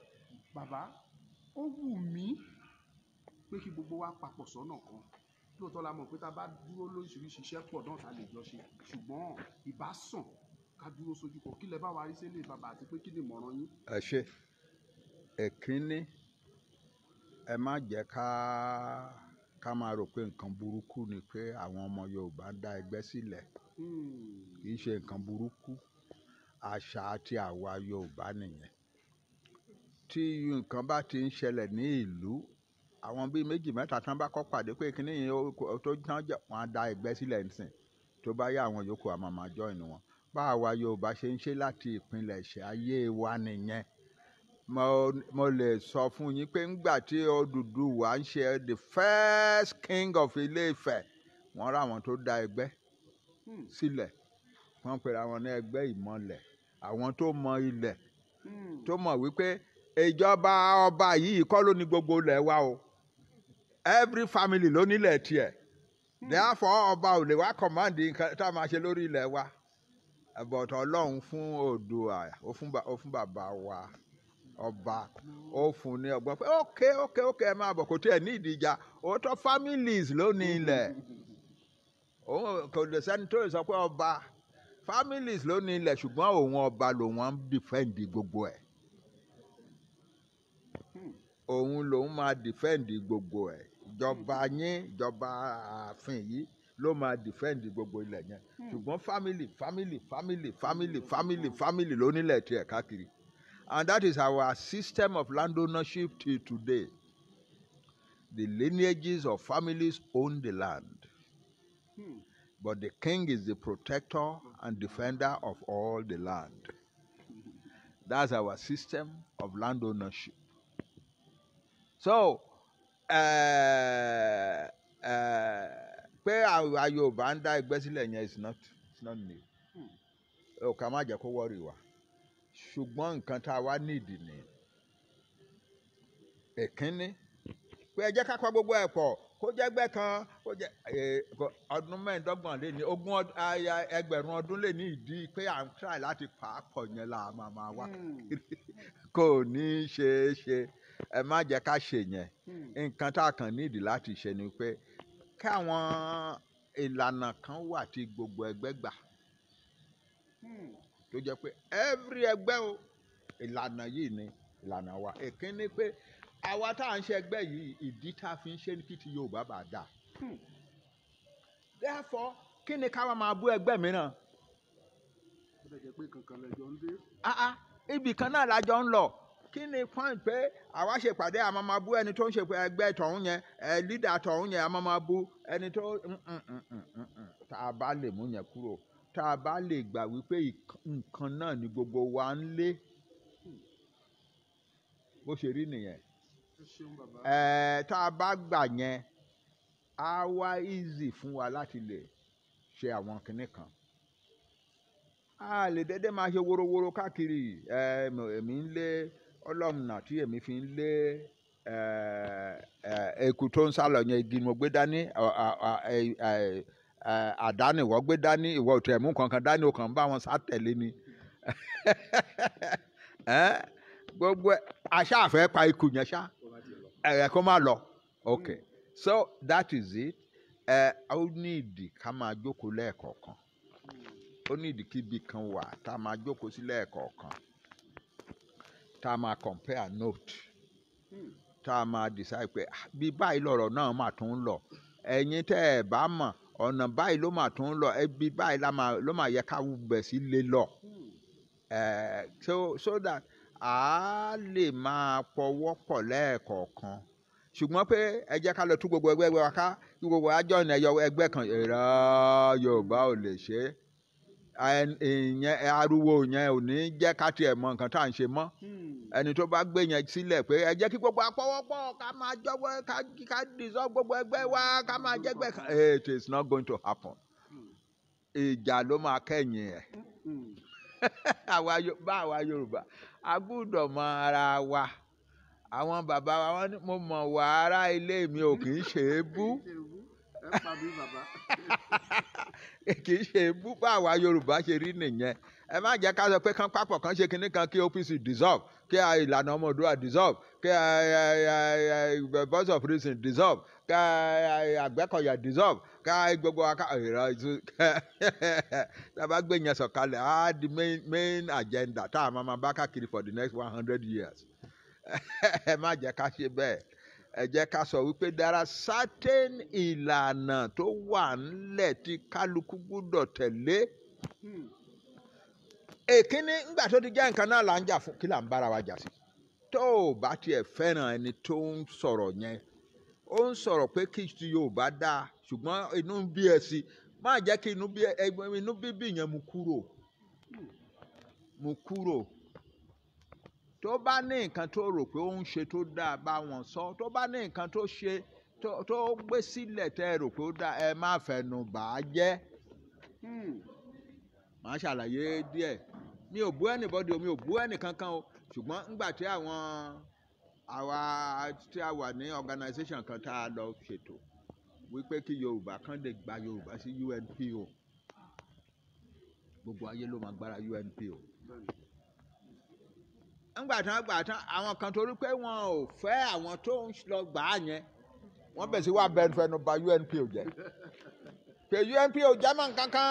bàbá ó wù mí pé kí gbogbo wa papọ̀ sọ́nà kan lóòótọ́ la mọ̀ pé tá a bá dúró lóríṣiríṣi iṣẹ́ pọ̀ náà ta lè jọ ṣe ṣùgbọ́n ìbá sàn ká dúró sójú kan kí lẹ bá wa rí sílé bàbá àti pé kí ni ìmọ̀ràn yín. àṣẹ ẹ̀kínní ẹ má jẹ́ ká ká máa rò pé nǹkan burúkú ni pé àwọn ọmọ Yorùbá ń dá ẹgbẹ́ sílẹ̀ hmm. kì í ṣe nǹkan burúkú àṣà àti àwa Yorùbá nìyẹn tí nǹkan bá ti ń ṣẹlẹ̀ ní ìlú àwọn bíi méjì mẹ́ta tán bá kọ́ pàdé pé kíní yìí tó tán jẹ́ wọ́n á dá ẹgbẹ́ sílẹ̀ nísìn tó bá yá àwọn yòókù àmọ́ máa wọn bá Yorùbá ṣe ń ṣe láti ìpilẹ̀ṣẹ̀ ayé wa nìyẹn mo, mo lè sọ fún yín pé ńgbà tí Odùduwà ń ṣe the first king of Ilé-Ifẹ̀ wọ́n rà wọn tó dá ẹgbẹ́ hmm. sílẹ̀ wọ́n pera wọn ní ẹgbẹ́ ìmọ̀lẹ̀ àwọn tó mọ ilẹ̀ hmm. tó mọ̀ wípé ìjọba ọba yìí kọ́ ló ní gbogbo ilẹ̀ wa o every family ló nílẹ̀ tiẹ̀ hmm. therefore ọba ò lè wá command nǹkan tá a máa ṣe lórí ilẹ̀ wa but ọlọ́run fún Oòduà ó fún bàbá wa ọba ó fún ní ọgbọ́n pé ok ok ok ẹ máa bọ̀ kò tí ẹ ní ìdíjà òótọ́ families ló ní ilẹ̀ òun kò lè sẹ́ni tó sọ pé ọba families ló ní ilẹ̀ ṣùgbọ́n òun ọba lòun ń dìfẹ́ǹdì gbogbo ẹ̀ òun lòun máa dìfẹ́ǹdì gbogbo ẹ̀ ìjọba yín ìjọba ààfin yìí ló máa dìfẹ́ǹdì gbogbo ilẹ̀ yẹn ṣùgbọ́n family family family family family family ló nílẹ̀ tiẹ̀ káàkiri. And that is our system of land ownership till today. The lineages of families own the land. Hmm. But the king is the protector and defender of all the land. That's our system of land ownership. So, uh, uh, pé àwa is not it's not new. Ó hmm. kà má jẹ́ ṣùgbọ́n nǹkan tá a wá nídìí ni ẹ̀kínní pé ẹ jẹ́ ká pa gbogbo ẹ̀ pọ̀ kó jẹ́ gbẹ́ kan kó jẹ́ ọdún mẹ́ẹ̀ẹ́dọ́gbọ̀n lé ní ogún ẹgbẹ̀rún ọdún lé ní ìdí pé à ń try láti pàápọ̀ yẹn là máa máa wá kiri hmm. kò ní í ṣe é ṣe ẹ má jẹ́ ká ṣe yẹn hmm. nǹkan tá a kàn nídìí láti ṣe ni pé káwọn ìlànà kan wà tí gbogbo ẹgbẹ́ gbà. Hmm tó jẹ́ pé every ẹgbẹ́ o ìlànà yìí ni ìlànà wa èkínní pé àwa tá à ń ṣe ẹgbẹ́ yìí ìdí tá a fi ń ṣe ní kìtì Yorùbá bá dà hmm. therefore kí ni káwa máa bú ẹgbẹ́ mìíràn. ó lè jẹ́ pé kankan lẹ́jọ́ ń dé. Ah, ah, ibì kan náà lájọ ń lọ kí ni point pé àwa ṣe pàdé àmọ́ máa bú ẹni tó ń ṣe ẹgbẹ́ tọ̀hún yẹn ẹ lídà tọ̀hún yẹn àmọ́ máa bú ẹni tó mm, mm, mm, tá a bá lè mú yẹn kúrò tá a bá lè gbà wípé nǹkan náà ni gbogbo wa ń lé bó ṣe rí nìyẹn ẹ tá a bá gbà yẹn á wá easy fún wa láti lè ṣe àwọn kinní kan a lè dédé máa ṣe worowóró káàkiri ẹ èmi ń lé ọlọ́mùnà tí èmi fi ń lé eku tó ń sálọ yẹn igi ni mo gbé dání àdáni ìwọ gbé dání ìwọ òtún ẹ̀mú kankan dání o bá wọn sátẹ̀lé ni gbogbo àṣà àfẹ́ pa ikú yẹn ṣá ẹ̀rẹ̀ kó má lọ ok so that is it ẹ ó ní ìdí ká máa jókòó lẹ́ẹ̀kọ̀ọ̀kan ó ní ìdí kan wà tá a máa jókòó sí lẹ́ẹ̀kọ̀ọ̀kan tá a máa compare note tá a máa decide pé ah, bí báyìí lọ̀rọ̀ náà mà tún lọ ẹ̀yin tẹ́ ẹ bá mọ̀ ọ̀nà báyìí ló máa tún lọ ẹbí báyìí ló máa yẹ ká bẹ̀ sí lé lọ so that a lè máa pọwọ́ pọ̀ lẹ́ẹ̀kọ̀ọ̀kan ṣùgbọ́n pé ẹ jẹ́ ká lọ tú gbogbo ẹgbẹ́ wa ká gbogbo àjọ ìnà ẹ̀yọ ẹgbẹ́ kan ìrọ̀ Yorùbá ò lè ṣe é ìyẹn ariwo yẹn ò ní jẹ́ ká tiẹ̀ mọ nǹkan tá à ń ṣe mọ́ hmm. ẹni tó bá gbé yẹn sílẹ̀ pé ẹ jẹ́ kí gbogbo apọ́wọ́pọ́ ká máa jọwọ́ ká dìsọ́ gbogbo ẹgbẹ́ wa ká máa jẹ́gbẹ́ kan it is not going to happen ìjà ló máa kẹ́yìn ẹ̀ bá àwa Yorùbá a gbúdọ̀ mọ ara wa àwọn bàbá wa wọn ni mo mọ̀ wàhálà ilé mi ò kì í ṣe é bú. kì í ṣe bú bá àwa yorùbá ṣe rí nìyẹn ẹ má jẹ́ ká sọ pé kán papọ̀ kán ṣe kinní kan kí OPC dissolve kí ìlànà ọmọ Oòduà dissolve kí voice of reason dissolve kí àgbẹ̀kọ̀yà dissolve kí gbogbo wa ká ìrọ̀ tàbá gbé yẹn sọ̀kalẹ̀ á di main agenda tá a máa bá káàkiri for the next one hundred years ẹ má jẹ́ ká ṣe bẹ́ẹ̀ ẹ jẹ́ ká sọ wípé there are certain ìlànà tó wà ńlẹ̀ tí kálukú gbúdọ̀ tẹ̀lé hmm. èkíní ńgbà tó ti jẹ́ nǹkan náà là ń jà fún kí là ń bára wa jà sí tó o bá tiẹ̀ fẹ́ràn ẹni tó ń sọ̀rọ̀ yẹn ó ń sọ̀rọ̀ pé kí ti Yorùbá dáa ṣùgbọ́n inú ń bí ẹ sí má jẹ́ kí inú bíbí yẹn mu kúrò hmm. mu kúrò tó bá ní nǹkan tó rò pé ó ń ṣe tó dáa bá wọn sọ tó bá ní nǹkan tó ṣe tó gbé sílẹ̀ tẹ́ ẹ rò pé ó dáa ẹ má fẹnu bà á jẹ́ hmm. màá ṣàlàyé díẹ̀ mi ò bú ẹnìbọ́dì o mi ò bú ẹnìkankan o ṣùgbọ́n ńgbà tí àwọn àwa tí a wà ní organisation kan tá a lọ ṣètò wípé kí Yorùbá kan lè gba Yorùbá sí UNPO gbogbo ayé ló máa gbára UNPO ńgbàtàn gbàtàn àwọn kan torí pé wọn ò fẹ́ àwọn tó ń lọ gbà á yẹn wọ́n bẹ̀ sí wà bẹ́ẹ̀ fẹnu ba UNPO jẹ́ pé UNPO jẹ́ mọ́ nǹkan kan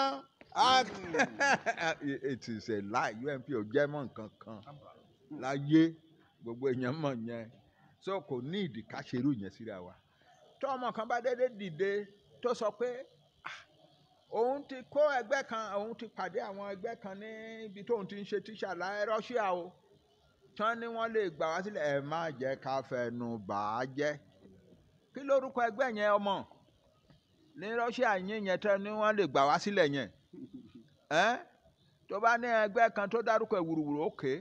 ah, it is a lie UNPO jẹ́ mọ́ nǹkan kan láyé gbogbo èèyàn mọ̀ yẹn so kò ní ìdí ká ṣerú yẹn síra wa tó ọmọ kan bá dédé dìde tó sọ pé ah, òun ti kó ẹgbẹ́ kan òun ti pàdé àwọn ẹgbẹ́ kan ní ibi tóun ti ń ṣe tíṣà láì Russia o tán ni wọ́n lè gbà wá sílẹ̀ ẹ má jẹ́ ká fẹnu bà á jẹ́ kí lórúkọ ẹgbẹ́ yẹn ọmọ ní Russia yín yẹn tán ni wọ́n lè gbà wá sílẹ̀ yẹn ẹ́ tó bá ní ẹgbẹ́ kan tó dárúkọ ìwúrúwúrú òkè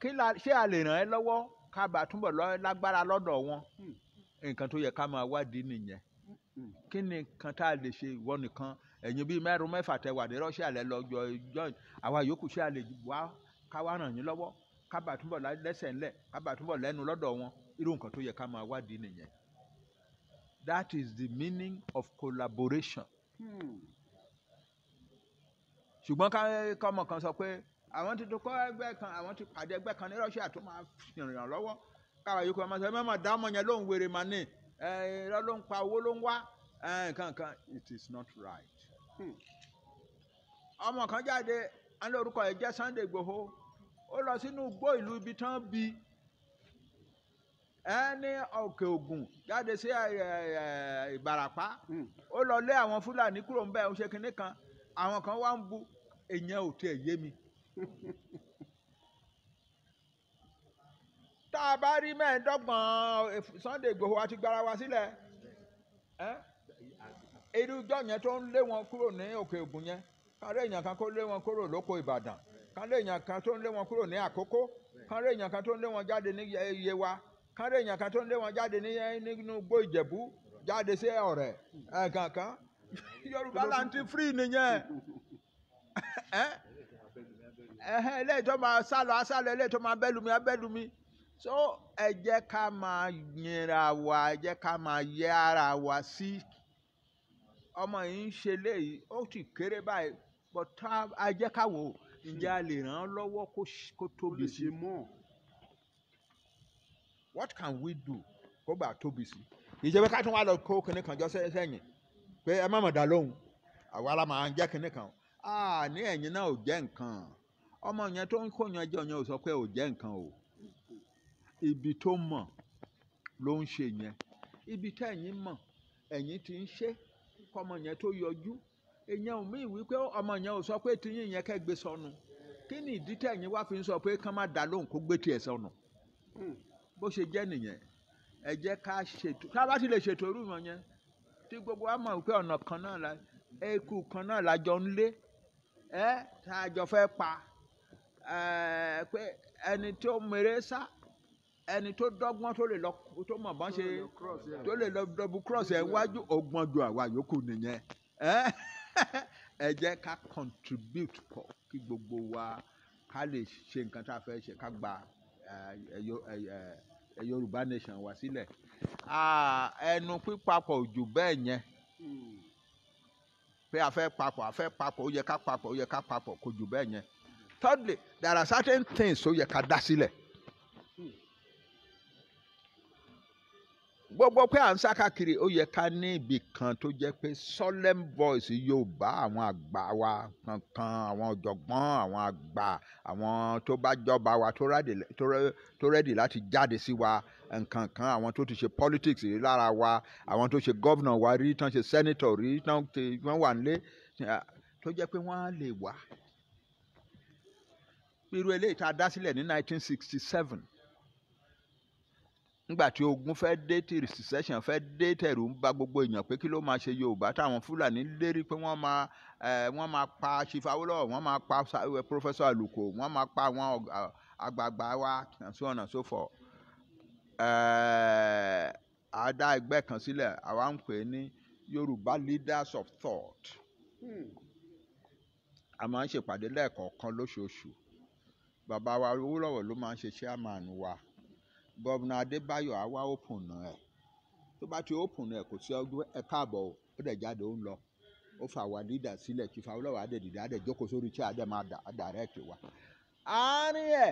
kí la ṣé a lè ràn ẹ́ lọ́wọ́ ká bàa túbọ̀ lágbára lọ́dọ̀ wọn nǹkan tó yẹ ká máa wádìí nìyẹn kí ni nǹkan tá a lè ṣe ìwọ nìkan ẹ̀yin bíi mẹ́rin mẹ́fà tẹ wà ní Russia lẹ́ lọ àwa yòókù ṣé a lè wá ká wá ràn yín lọ́wọ́ kábà túbọ̀ lẹ́sẹ̀ ńlẹ̀ kábà túbọ̀ lẹ́nu lọ́dọ̀ wọn irú nǹkan tó yẹ ká máa wádìí nìyẹn that is the meaning of collaboration. Hmm. ṣùgbọ́n kọ́mọ kan sọ pé àwọn ti tó kọ́ ẹgbẹ́ kan àwọn ti pàdé ẹgbẹ́ kan ní Russia tó máa ràn lọ́wọ́ káwa yòókù ọmọ sọ ẹ mọ̀ dá ọmọ yẹn lóhùn wèrè mà ní ẹ irọ́ ló ń pa owó ló ń wá nǹkan kan it is not right. Hmm. ọmọ kan jáde alẹ́ orúkọ ẹ̀ jẹ́ Sunday Igboho ó lọ sínú igbó ìlú ibi tán bí ẹ ní òkè ògùn jáde sí ìbàràpá hmm. ó lọ lé àwọn fúlàní kúrò ń bẹ ó ṣe kinní kan àwọn kan wá ń bu èèyàn ò tiẹ̀ yé mi. tá a bá rí mẹ́ẹ̀ẹ́dọ́gbọ̀n Sunday Igboho àti gbara wa sílẹ̀ irú ìjọ yẹn tó ń lé wọn kúrò ní òkè ògùn yẹn kárí èèyàn kan kó lé wọn kúrò lóko Ìbàdàn kan rí èèyàn kan tó ń lé wọn kúrò ní àkókò kan rí èèyàn kan tó ń lé wọn jáde ní yewa kan rí èèyàn kan tó ń lé wọn jáde ní nínú gbó ìjẹ̀bú jáde sí ọ̀rẹ́ kankan yorùbá là ń ti nìyẹn so ẹ jẹ́ ká máa wa ẹ jẹ́ ká ọmọ yìí ń ṣe léyìí ó ti kéré báyìí ǹjẹ́ a lè ràn án lọ́wọ́ kó tóbi sí i what can we do kó gbà tóbi sí i ìjọba ká tún wá lọ kó kinní kan jọ sẹ́yìn pé ẹ má mọ̀ dá lóhùn àwa la máa ń jẹ́ kinní kan ní ẹ̀yìn náà ò jẹ́ nǹkan ọmọ yẹn tó ń kó yan jẹ́ yẹn ò sọ pé ò jẹ́ nǹkan o ibi tó mọ̀ ló ń ṣe yẹn ibi tẹ́yìn mọ̀ ẹ̀yìn ti ń ṣe kọ́mọ yẹn tó yọjú èèyàn mi wípé ọmọ yẹn ò sọ pé tiyín yẹn kẹ́ gbé sọnù kí ni ìdí tẹ̀yìn wá fi ń sọ pé kán má dá lóhùn kó gbé tiẹ̀ sọnù hmm. bó ṣe jẹ́ nìyẹn ẹ jẹ́ ká ṣètò ká bá ti lè ṣètò irú wọn yẹn tí gbogbo wa mọ̀ wípé ọ̀nà kan náà la eku kan náà la jọ ń lé ẹ tá a jọ fẹ́ pa ẹ pé ẹni tó mèrè sá ẹni tó dọ́gbọ́n tó lè lọ tó mọ̀ bọ́n ṣe tó lè lọ dọ́bù cross ẹ̀ wájú ọgbọ́n ju àwa yòókù nìyẹn ẹ. ẹ jẹ́ ká contribute pọ̀ kí gbogbo wa ká lè ṣe nǹkan tá a fẹ́ ṣe ká gba Yorùbá nation wa sílẹ̀ ẹnu pípapọ̀ òjò bẹ́ẹ̀ yẹn pé a fẹ́ papọ̀ a fẹ́ papọ̀ ó yẹ ká papọ̀ ó yẹ ká papọ̀ kò jù bẹ́ẹ̀ yẹn thirdly there are certain things ó yẹ ká dá sílẹ̀. gbogbo pé à ń sá káàkiri ó yẹ ká ní ibì kan tó jẹ́ pé solemn voice yorùbá àwọn àgbà wa kankan àwọn ọ̀jọ̀gbọ́n àwọn àgbà àwọn tó bá jọba wa tó rẹ́dì láti jáde sí wa nǹkan àwọn tó ti ṣe politics rí lára wa àwọn tó ṣe gọ́vnà wa rí tán ṣe sẹ́nitọ̀ rí tán ti wọ́n wà nílé tó jẹ́ pé wọ́n á lè wá irú eléyìí tá a dá sílẹ̀ ní 1967 nígbà tí ogun fẹ́ dé tí recession fẹ́ dé tẹ̀rù ń ba gbogbo èèyàn pé kí ló máa ṣe yorùbá táwọn fúlàní lérí pé wọ́n máa wọ́n máa pa ṣìfàwọ́lọ̀ wọ́n máa pa professor àlùkò wọ́n máa pa àwọn àgbààgbà wa so on and so forth. a dá ẹgbẹ́ kan sílẹ̀ àwa ń pè é ní yorùbá leaders of thought. a máa ń ṣèpàdé lẹ́ẹ̀kọ̀ọ̀kan lóṣooṣù bàbá wa Awólọ́wọ̀ ló máa ń ṣe chairman wa. Hmm Gọ́vnà Adébáyọ̀ á wá ópùnù ẹ̀. Tó bá ti ópùnù ẹ̀ kò sí ọdún ẹ káàbọ̀ o, ó dẹ̀ jáde ó ń lọ. Ó fa àwa leader sílẹ̀, Chief Awólọ́wọ̀ á dẹ̀ dìde, á dẹ̀ jókòó sórí chair, á dẹ̀ máa direct wa. Àárín ẹ̀,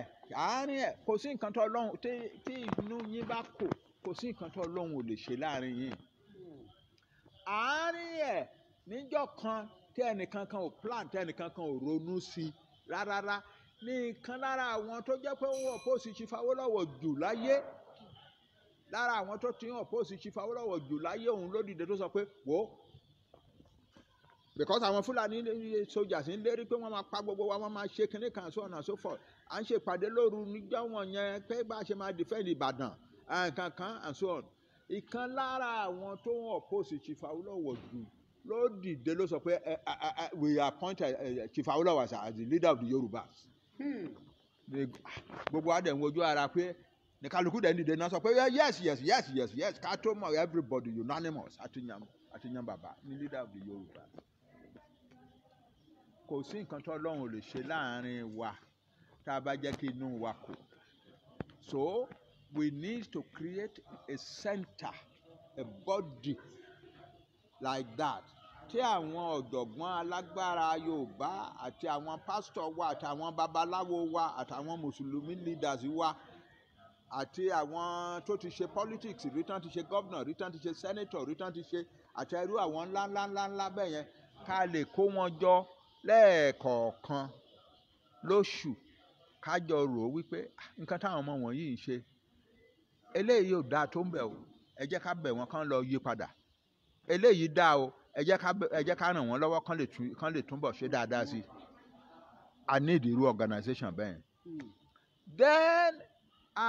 àárín ẹ̀, kò sí nǹkan tó Ọlọ́run tí tí inú yín bá kò, kò sí nǹkan tó Ọlọ́run ò lè ṣe láàrin yín. Àárín ẹ̀ níjọ́ kan tí ẹnìkan kan ò plan, tí ẹnìkan kan ò ronú sí rárá ní nǹkan lára àwọn tó jẹ́ pé wọ́n ọ̀pọ̀sì Chief Awólọ́wọ̀ jù láyé lára àwọn tó ti ń ọ̀pọ̀sì Chief Awólọ́wọ̀ jù láyé òun ló dìde tó sọ pé wò ó because àwọn Fúlàní sojas ń lérí pé wọ́n máa pa gbogbo wa wọ́n máa ṣe kinní kan so on and so forth à ń ṣèpàdé lóru níjọ́ wọn yẹn pé bá a ṣe máa defend Ìbàdàn eh, nǹkan kan and so on ìkan lára àwọn tó ń ọ̀pọ̀sì Chief Awólọ́wọ̀ jù ló dìde ló sọ pé eh, eh, we appoint Chief Awólọ́wọ̀ as the leader of the Yorubas. Hmm. gbogbo wa ń wojú ara pé ní kálukú dẹ̀ ń náà sọ pé yes yes yes yes yes ká tó mọ̀ everybody unanimous àtúnyàn àtúnyàn bàbá ní leader of the Yorùbá kò sí nǹkan tó Ọlọ́run ò lè ṣe láàrin wa tá a bá jẹ́ kí inú wa kò so we need to create a center a body like that tí àwọn ọ̀jọ̀gbọ́n alágbára Yorùbá àti àwọn pásítọ̀ wa àtàwọn babaláwo wa àtàwọn mùsùlùmí leaders wa àti àwọn tó ti ṣe politics rí tán ti ṣe gọ́vnà rí tán ti ṣe sẹ́nẹ́tọ̀ rí tán ti ṣe àti irú àwọn ńláńláńláńlá bẹ́ẹ̀ yẹn ká lè kó wọn jọ lẹ́ẹ̀kọ̀ọ̀kan lóṣù kájọ rò ó wípé nǹkan táwọn ọmọ wọ̀nyí ń ṣe eléyìí ò dáa tó ń bẹ̀ ẹ jẹ́ ká bẹ̀ wọ́n kán lọ yí padà eléyìí dáa o ẹ jẹ́ ká ràn wọ́n lọ́wọ́ kán lè túbọ̀ ṣe dáadáa sí i need irú organization bẹ́ẹ̀ then a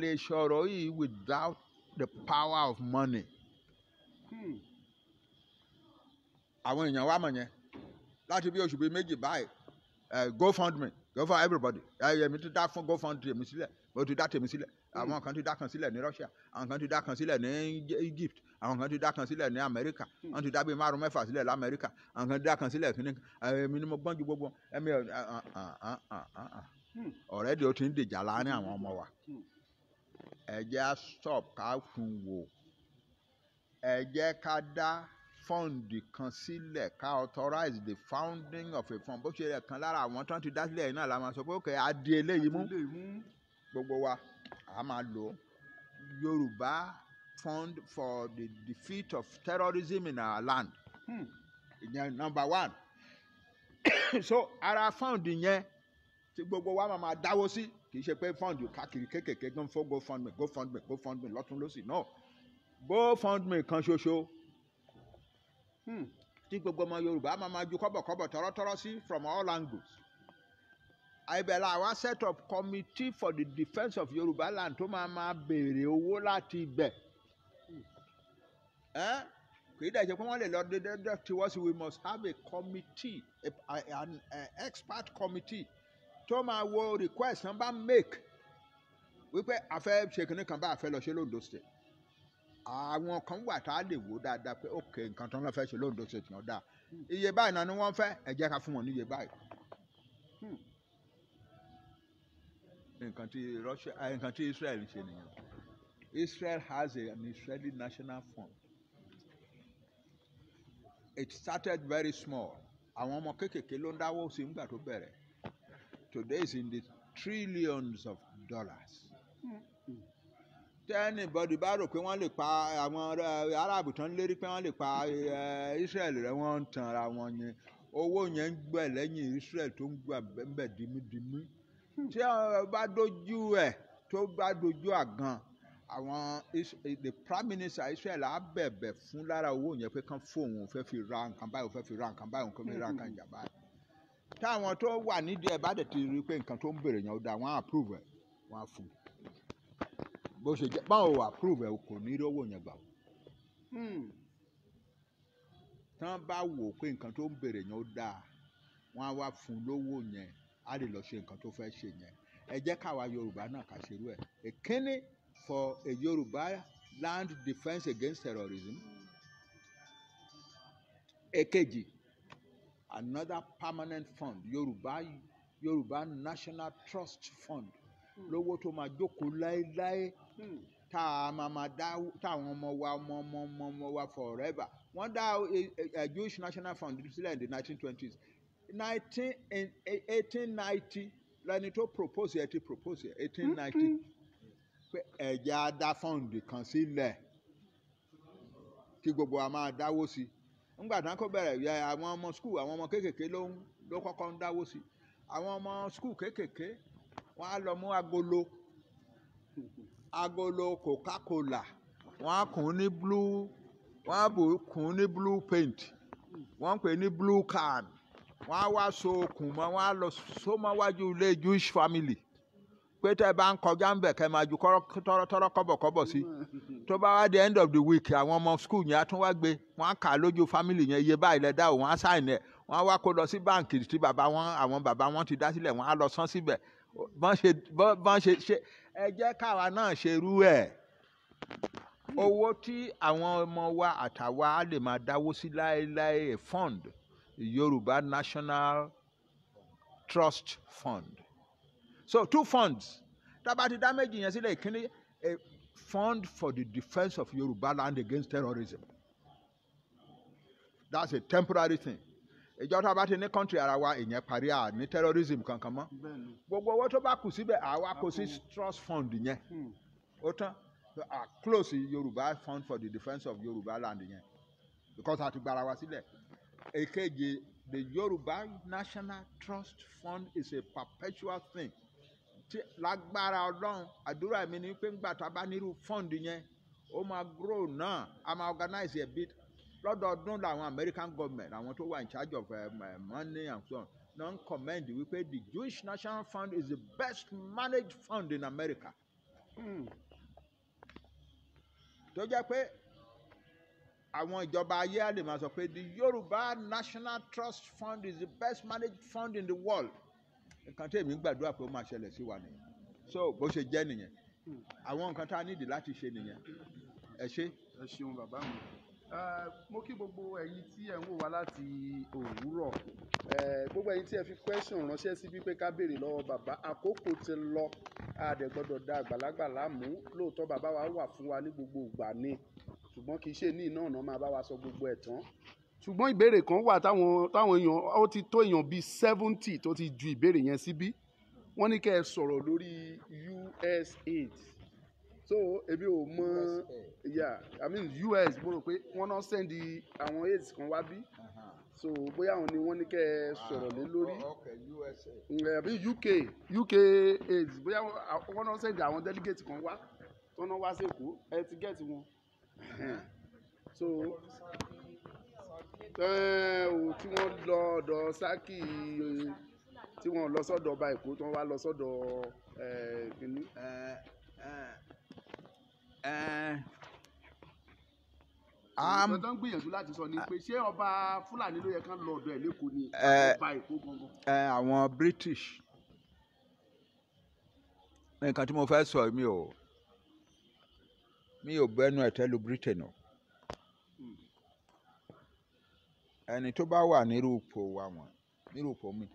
lè sọ̀rọ̀ yìí without the power of money àwọn èèyàn wa mọ̀ yẹn láti bí oṣù bíi méjì báyìí GoFundMe go for everybody èmi ti dá fún GoFund tèmi sílẹ̀ o ti dá tèmi sílẹ̀ àwọn kan ti dá kan sílẹ̀ ní Russia àwọn kan ti dá kan sílẹ̀ ní Egypt àwọn kan ti dá kan sílẹ̀ ní amẹ́ríkà hmm. wọ́n ti dá bíi márùn mẹ́fà sílẹ̀ lamẹ́ríkà àwọn kan ti dá kan sílẹ̀ kíní èmi ni mo gbọ́n ju gbogbo ẹ̀mí hmm. ọ̀rẹ́ di o ti ń dìjà láàrin àwọn ọmọ wa hmm. ẹ jẹ́ stop ká fún wò ẹ jẹ́ ká dá fọ́ǹdì kan sílẹ̀ ká authorize the founding of a fund bó ṣe yẹ kan lára àwọn tó ń ti dá sílẹ̀ yìí náà la máa sọ pé ó kẹ́ á di eléyìí e mú gbogbo wa a máa lò Yorùbá fund for the defeat of terrorism in our land. Hmm. number one. so ara fund yẹn tí gbogbo wa máa ma dáwó sí kì í ṣe pé fund káàkiri kékèké Go fund me. gofundme gofundme gofundme lọ́tún lọ́sì náà me. kan ṣoṣo hmm. tí gbogbo ọmọ yorùbá máa ma ju kọ́bọ̀kọ́bọ̀ tọ́rọ́tọ́rọ́ sí from all angles àìbẹ̀lẹ̀ àwa set up committee for the defence of yorùbá land tó máa ma béèrè owó láti ibẹ̀. Eh? kìí dẹ̀ pé wọ́n lè lọ dédé tiwọ́ sí we must have a committee a, a, an a expert committee tó máa wo request náà bá make wípé àfẹ́ ṣe kìnnì kan bá àfẹ́ lọ ṣe lóńdó state àwọn kan wà tá a lè wò dáadáa pé ok nǹkan tó ń lọ fẹ́ ṣe lóńdó state náà dáa iye báyìí náà ni wọ́n fẹ́ ẹ jẹ́ ká fún wọn ní iye báyìí hmm. nǹkan tí Russia eh, nǹkan tí Israel ń ṣe nìyẹn Israel has a, an Israeli national fund it started very small àwọn ọmọ kéékèèké ló ń dáwọ́ sí nígbà tó bẹ̀rẹ̀ today is in the trillions of dollars. tẹ́ni bọ́dì bá rò pé wọ́n lè pa àwọn eh, aráàbù tán lérí pé wọ́n lè pa eh, Israel rẹ̀ wọ́n ń tanra wọn yẹn owó yẹn ń gbẹ lẹ́yìn Israel tó ń gbà bẹ́ẹ̀ dìmídìmí tí ó bá dojú ẹ̀ tó bá dojú àgàn àwọn the prime minister Israel á bẹ̀bẹ̀ fún lára owó yẹn pé kán fóun fẹ́ fi ra nǹkan báyìí fẹ́ fi ra nǹkan báyìí kán fi ra nǹkan ìjà báyìí táwọn tó wà nídìí ẹ̀ bá dẹ̀ ti rí i pé nǹkan tó ń bèrè yẹn ó da wọ́n á approve ẹ̀ wọ́n á fún un bó ṣe jẹ́ báwo wà approve ẹ̀ kò ní rówó yẹn gbà ó hmm. tán bá wò ó pé nǹkan tó ń bèrè yẹn ó dáa wọ́n á wá fún un lówó yẹn á lè lọ ṣe nǹkan tó fẹ́ ṣe yẹn ẹ jẹ́ káwa Yorùbá náà kà ṣerú ẹ̀ èkínní for a Yoruba land defence against terrorism. Èkejì, another permanent fund, Yoruba Yoruba National Trust Fund, hmm. lówó tó máa jókòó láéláé hmm. tá a máa máa dá táwọn ọmọ wa ọmọ ọmọ ọmọ ọmọ wa forever. Wọ́n dá eh, eh, eh, Jewish National Fund sílẹ̀ ní the nineteen twenties. nineteen eighteen ninety lẹni tó propose yẹ ti propose yẹ eighteen ninety. Hmm, pé ẹ̀jẹ̀ á dá fọ́ǹdì kan sílẹ̀ kí gbogbo wa máa dáwó sí i ńgbà tán kó bẹ̀rẹ̀ yẹ àwọn ọmọ skul àwọn ọmọ kéékèèké ló ń ló kọ́kọ́ ń dáwó sí i àwọn ọmọ skul kéékèèké wọ́n á lọ mú agolo agolo coca-cola wọ́n á kùn ní blue wọ́n á bò kùn ní blue paint wọ́n ń pè ní blue can wọ́n á wá so okùn mọ́ wọ́n á lọ so mọ́wájú ilé Jewish family pé tẹ́ ẹ bá ń kọjá ń bẹ̀ kẹ́ máa ju tọ́rọ́ kọ́bọ̀kọ́bọ̀ sí tó bá wá di end of the week àwọn ọmọ school yẹn á tún wá gbé wọn á kà lójú family yẹn iye báyìí lẹ́dá ò wọ́n á sáìn ẹ̀ wọ́n á wá kó lọ sí báǹkì tí bàbá wọn àwọn bàbá wọn ti dá sílẹ̀ wọ́n á lọ san síbẹ̀ bọ́n ṣe bọ́n ṣe ṣe ẹ jẹ́ káwa náà ṣe rú ẹ̀ owó tí àwọn ọmọ wa àtàwa á lè máa dáwó sí láéláé fund Yorùbá National Trust Fund so two funds tábà ti dá méjì yẹn sílẹ̀ ìkíní a eh, fund for the defence of Yorùbá land against terrorism that's a temporary thing ìjọ tá a bá ti ní country ara wa ìyẹn parí à ní terrorism kankan mọ́ gbogbo owó tó bá kù síbẹ̀ àwa kò sí trust fund yẹn hmm. ó tán à close Yorùbá fund for the defence of Yorùbá land yẹn because a ti gbara wa sílẹ̀ èkejì the Yorùbá National Trust Fund is a perpetual thing tí lágbára ọlọ́run àdúrà mi ni pé ńgbà tá a bá nírú fund yẹn ó máa grow náà a máa organize a bit lọ́dọọdún làwọn American government àwọn tó wà in charge of um, money and so on náà ń commend wípé the Jewish National Fund is the best managed fund in America. Hmm. tó jẹ́ pé àwọn ìjọba ayé á lè máa sọ pé the Yorùbá National Trust Fund is the best managed fund in the world nǹkan tẹ̀mí ń gbàdúrà pé ó máa ṣẹlẹ̀ sí wa nìyẹn so bó ṣe jẹ́ nìyẹn àwọn nǹkan tá a nídìí láti ṣe nìyẹn ẹ ṣé. ẹ ṣeun bàbá mi mo kí gbogbo ẹ̀yin tí ẹ ń wò wá láti òwúrọ̀ gbogbo ẹ̀yin tí ẹ fi question ránṣẹ́ sí wípé ká béèrè lọ́wọ́ bàbá àkókò ti lọ àdẹ̀gbọ́dọ̀ da àgbàlagbà láàmú lóòótọ́ bàbá wa wà fún wa ní gbogbo ìgbà ni ṣùgbọ́n kì í ṣe ní iná ọ̀nà máa bá wa sọ gbogbo ẹ̀ tán ṣùgbọ́n ìbéèrè kan wà táwọn táwọn èèyàn ó ti tó èèyàn bíi seventy tó ti ju ìbéèrè yẹn síbí wọ́n ní kẹ́ ẹ sọ̀rọ̀ lórí USAID so èmi ò mọ yeah I mean US mo rò pé wọ́n náà send àwọn aid kan wá bí so bóyá àwọn ni wọ́n ní kẹ́ ẹ sọ̀rọ̀ lé lórí àbí UK UK aid bóyá wọ́n náà send àwọn delegate kan wá tọ́nà wá sí Èkó ẹ ti get wọn so tí wọ́n lọ ọ̀dọ̀ sákì tí wọ́n lọ sọ́dọ̀ ọba èkó tí wọ́n wá lọ sọ́dọ̀ kínní. Nǹkan tó ń gbìyànjú láti sọ ni pé ṣé ọba Fúlàní ló yẹ kán lọ ọ̀dọ̀ ẹ̀ lẹ́kọ̀ọ́ ni ọba Èkó gangan. Àwọn British nǹkan tí mo fẹ́ sọ mi ò mi ò bẹ́nu ẹ̀tẹ́ lu Britain o. ẹni tó bá wà nírú ipò àwọn nírú ipò mi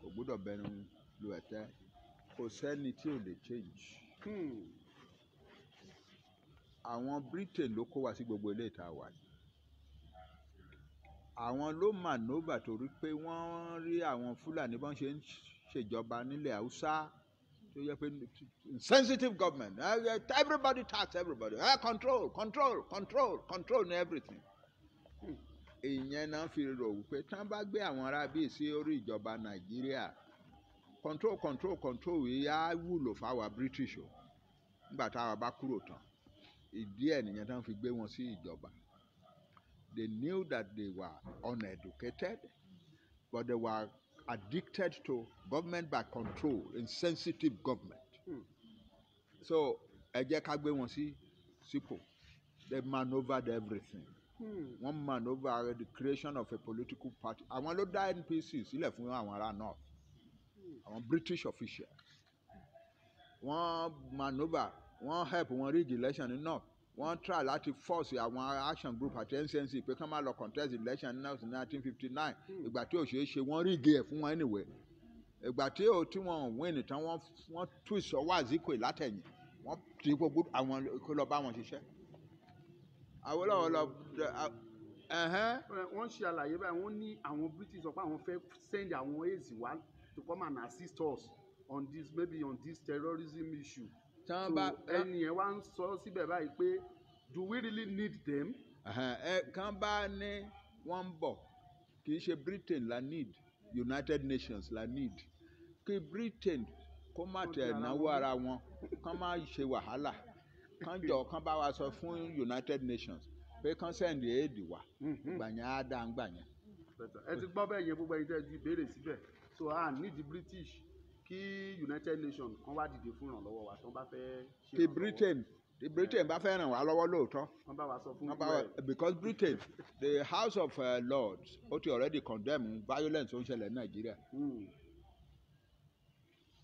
kò gbọ́dọ̀ bẹnu lu ẹ̀tẹ́ kò sẹ́ni tí ò lè change. Hmm. àwọn britain ló kó wa sí gbogbo ilé ìta wa yìí àwọn ló manova torí pé wọ́n rí àwọn fúlàní bọ́n ṣe ń ṣèjọba nílẹ̀ haúsá tó yẹ pé sensitive government everybody tax everybody eh, control control control control ní everything ìyẹn náà fi rò wípé tí wọ́n bá gbé àwọn arábí sí orí ìjọba nàìjíríà control control control yìí á wúlò fáwa british o nígbà táwa bá kúrò tán ìdí ẹ̀ nìyẹn tí wọ́n fi gbé wọn sí ìjọba they knew that they were uneducated but they were addicted to government by control insensitive government hmm. so ẹ jẹ́ ká gbé wọn sí sípò they manoeuvred everything. Hmm. wọ́n man over the creation of a political party àwọn ló dá NPC sílẹ̀ fún àwọn ará north hmm. àwọn British officials wọ́n man over wọ́n help wọn rig election ní north wọ́n try láti force àwọn action group àti NCNC pé kí má lọ contest election ní north nineteen fifty nine hmm. ìgbà tí ò ṣeé ṣe wọ́n rig ẹ̀ fún wọn anyway ìgbà tí ò tí wọ́n win tán wọ́n twist ọwọ́ àzíkò látẹ̀yìn wọ́n ti gbogbo àwọn kó lọ bá wọn ṣiṣẹ́ àwọn ọlọ́wọ́ lọ. wọ́n ṣe àlàyé báyìí wọ́n ní àwọn British sọ pé àwọn fẹ́ send àwọn aids wá to come and assist us on this maybe on this terrorism issue. tán bá ẹni yẹn wá ń sọ síbẹ̀ báyìí pé do we really need them. ẹ kàn bá ní wọ́n ń bọ̀ kì í ṣe Britain la need United Nations la need kí Britain kó má tẹ̀ náwó ara wọn kó má ṣe wàhálà kán jọ kán bá wa sọ fún United Nations pé kán sẹ́ndì éèdì wa mhm. gbàyàn á dáa ń gbàyàn. ẹ ti gbọ́ bẹ́ẹ̀ yẹn gbogbo ẹ̀yin tẹ́ ẹ ti béèrè síbẹ̀ so a need the British kí United Nations kan wá dìde fún ìrànlọ́wọ́ wa tí wọ́n bá fẹ́ ṣe ìrànlọ́wọ́. ti Britain the Britain bá fẹ́ ràn wá lọ́wọ́ lóòótọ́. wọ́n bá wa sọ fún un. because Britain the House of uh, Lords ó ti already condemn violence ó ń ṣẹlẹ̀ ní Nàìjíríà. Hmm.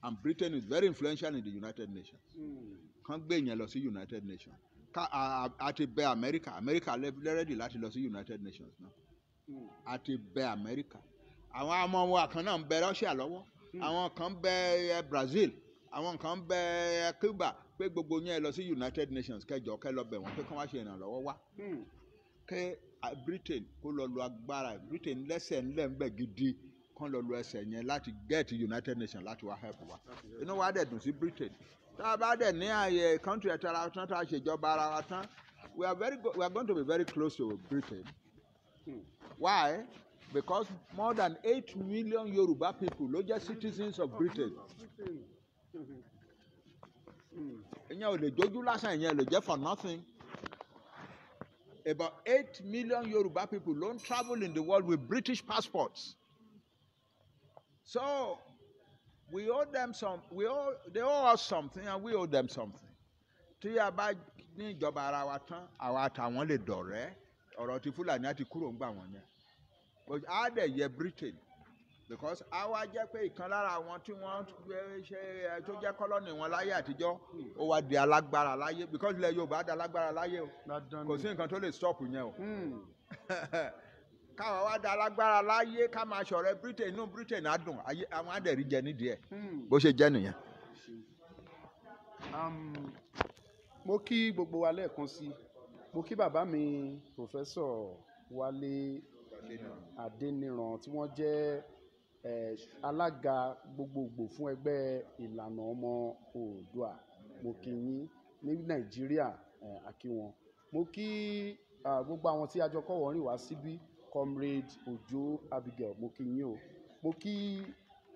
and Britain is very influential in the United Nations. Mm kán gbé yẹn lọ sí United Nations ká a ti bẹ Amẹ́ríkà Amẹ́ríkà lẹ́rẹ́dì láti lọ sí United Nations náà hmm. a ti bẹ Amẹ́ríkà àwọn ọmọ wa kan náà ń bẹ Russia lọ́wọ́ hmm. àwọn kan bẹ eh, Brazil àwọn kan bẹ eh, Cuba pé gbogbo yẹn lọ sí United Nations kẹjọ kẹ lọ bẹ wọn pé kán wá ṣe ìrànlọ́wọ́ wá hmm. kẹ Britain kó lọ lu agbára Britain lẹ́sẹ̀ ńlẹ̀ ńbẹ̀ gidi kán lọ lu ẹsẹ̀ yẹn láti get United Nations láti wá help wa inú wa dẹ̀ dùn sí Britain tá a bá dẹ̀ ní àyè country ẹ̀tọ́ ara tán tá a ṣèjọba ara wa tán we are very go we are going to be very close to Britain why because more than eight million Yoruba people ló jẹ́ citizens of Britain ìyẹn ò lè jójú lásán ìyẹn lè jẹ́ for nothing about eight million Yoruba people ló travel in the world with British passports so we owe them some we owe they owe us something and we owe them something tí a bá ní ìjọba ara wa tán àwa àtàwọn lè dọ̀rẹ́ ọ̀rọ̀ ti fúlàní àti kúrò ń gbà wọ́n yẹn but a dẹ̀ yẹ britain because àwa jẹ́ pé ìkan lára àwọn tí wọ́n ṣe tó jẹ́ kọ́lọ́nì wọn láyé àtijọ́ ó wá di alágbára láyé because ilẹ̀ yorùbá di alágbára láyé o kò sí nǹkan tó lè stop yẹn o. Hmm. káwa wá da alágbára láyé ká máa ṣọ̀rẹ́ britain inú britain á dùn àwọn adẹ̀rí jẹ nídìí ẹ̀ hmm. bó ṣe jẹ́ nìyẹn. Um, mo kí gbogbo wa lẹ́ẹ̀kan sí mo kí bàbá mi professor Wálé Adéníran tí wọ́n jẹ́ alága gbogbogbò fún ẹgbẹ́ ìlànà ọmọ oòdùà mo kí yín ní nàìjíríà àkí wọn mo kí gbogbo àwọn tí a jọ kọ́ wọ́n rìn wá síbí comrade Òjó Abigail mo kí yín o mo kí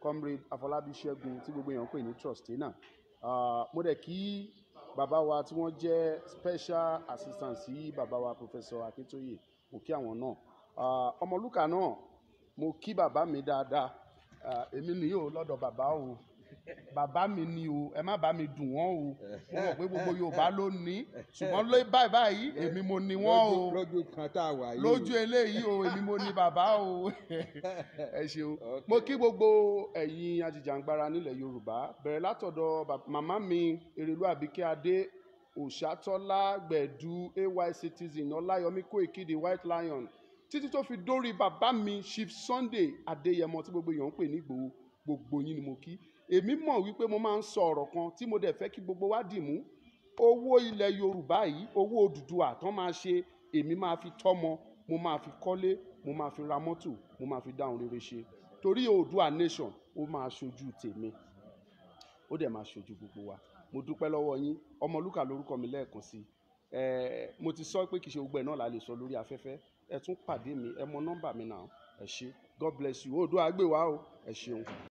comrade Afọlábí Ṣẹ́gun tí gbogbo èèyàn pè ní trustee náà mo dẹ̀ kí bàbá wa tí wọ́n jẹ́ special assistant sí bàbá wa professor Akintoye mo kí àwọn náà ọmọlúkà náà mo kí bàbá mi dáadáa èmi nìyí lọ́dọ̀ bàbá o bàbá mi ni o ẹ má bá mi dùn wọ́n o mo mọ̀ pé gbogbo Yorùbá ló ní ṣùgbọ́n lóyè báyìí báyìí èmi mo ní wọ́n o lójú kan tá a wà yìí lójú eléyìí o èmi mo ní bàbá o ẹ ṣeun mo kí gbogbo ẹ̀yin ajìjàngbara nílẹ̀ Yorùbá bẹ̀rẹ̀ látọ̀dọ̀ màmá mi Èrèlú Àbíkẹ́ Adé Òṣàtọ́lá Gbẹ̀dú AY Citizen Ọláyọmí Kóìkí the White Lion títí tó fi dórí bàbá mi Chief Sunday Adéyẹmọ tí gbogbo èèyàn ń pè ní Ìgbòho gbogbo yín ni mo kí èmi mọ̀ wípé mo máa ń sọ ọ̀rọ̀ kan tí mo dẹ̀ fẹ́ kí gbogbo wa dì mú owó ilẹ̀ yorùbá yìí owó Odùduwà tán máa ṣe èmi máa fi tọ́mọ mo máa fi kọ́lé mo máa fi ra mọ́tò mo máa fi dáhùn rere ṣe torí Oòduà nation ó máa ṣojú tèmi ó dẹ̀ máa ṣojú gbogbo wa mo dúpẹ́ lọ́wọ́ yín Ọmọlúkà lórúkọ mi lẹ́ẹ̀kan sí i mo ti sọ pé kì í ṣe gbogbo ẹ̀ náà la lè sọ lórí afẹ́fẹ́ ẹ tún pàdé mi ẹ mọ nọ́mbà mi náà ẹ ṣé God bless you Oòduà gbè wá o ẹ ṣeun.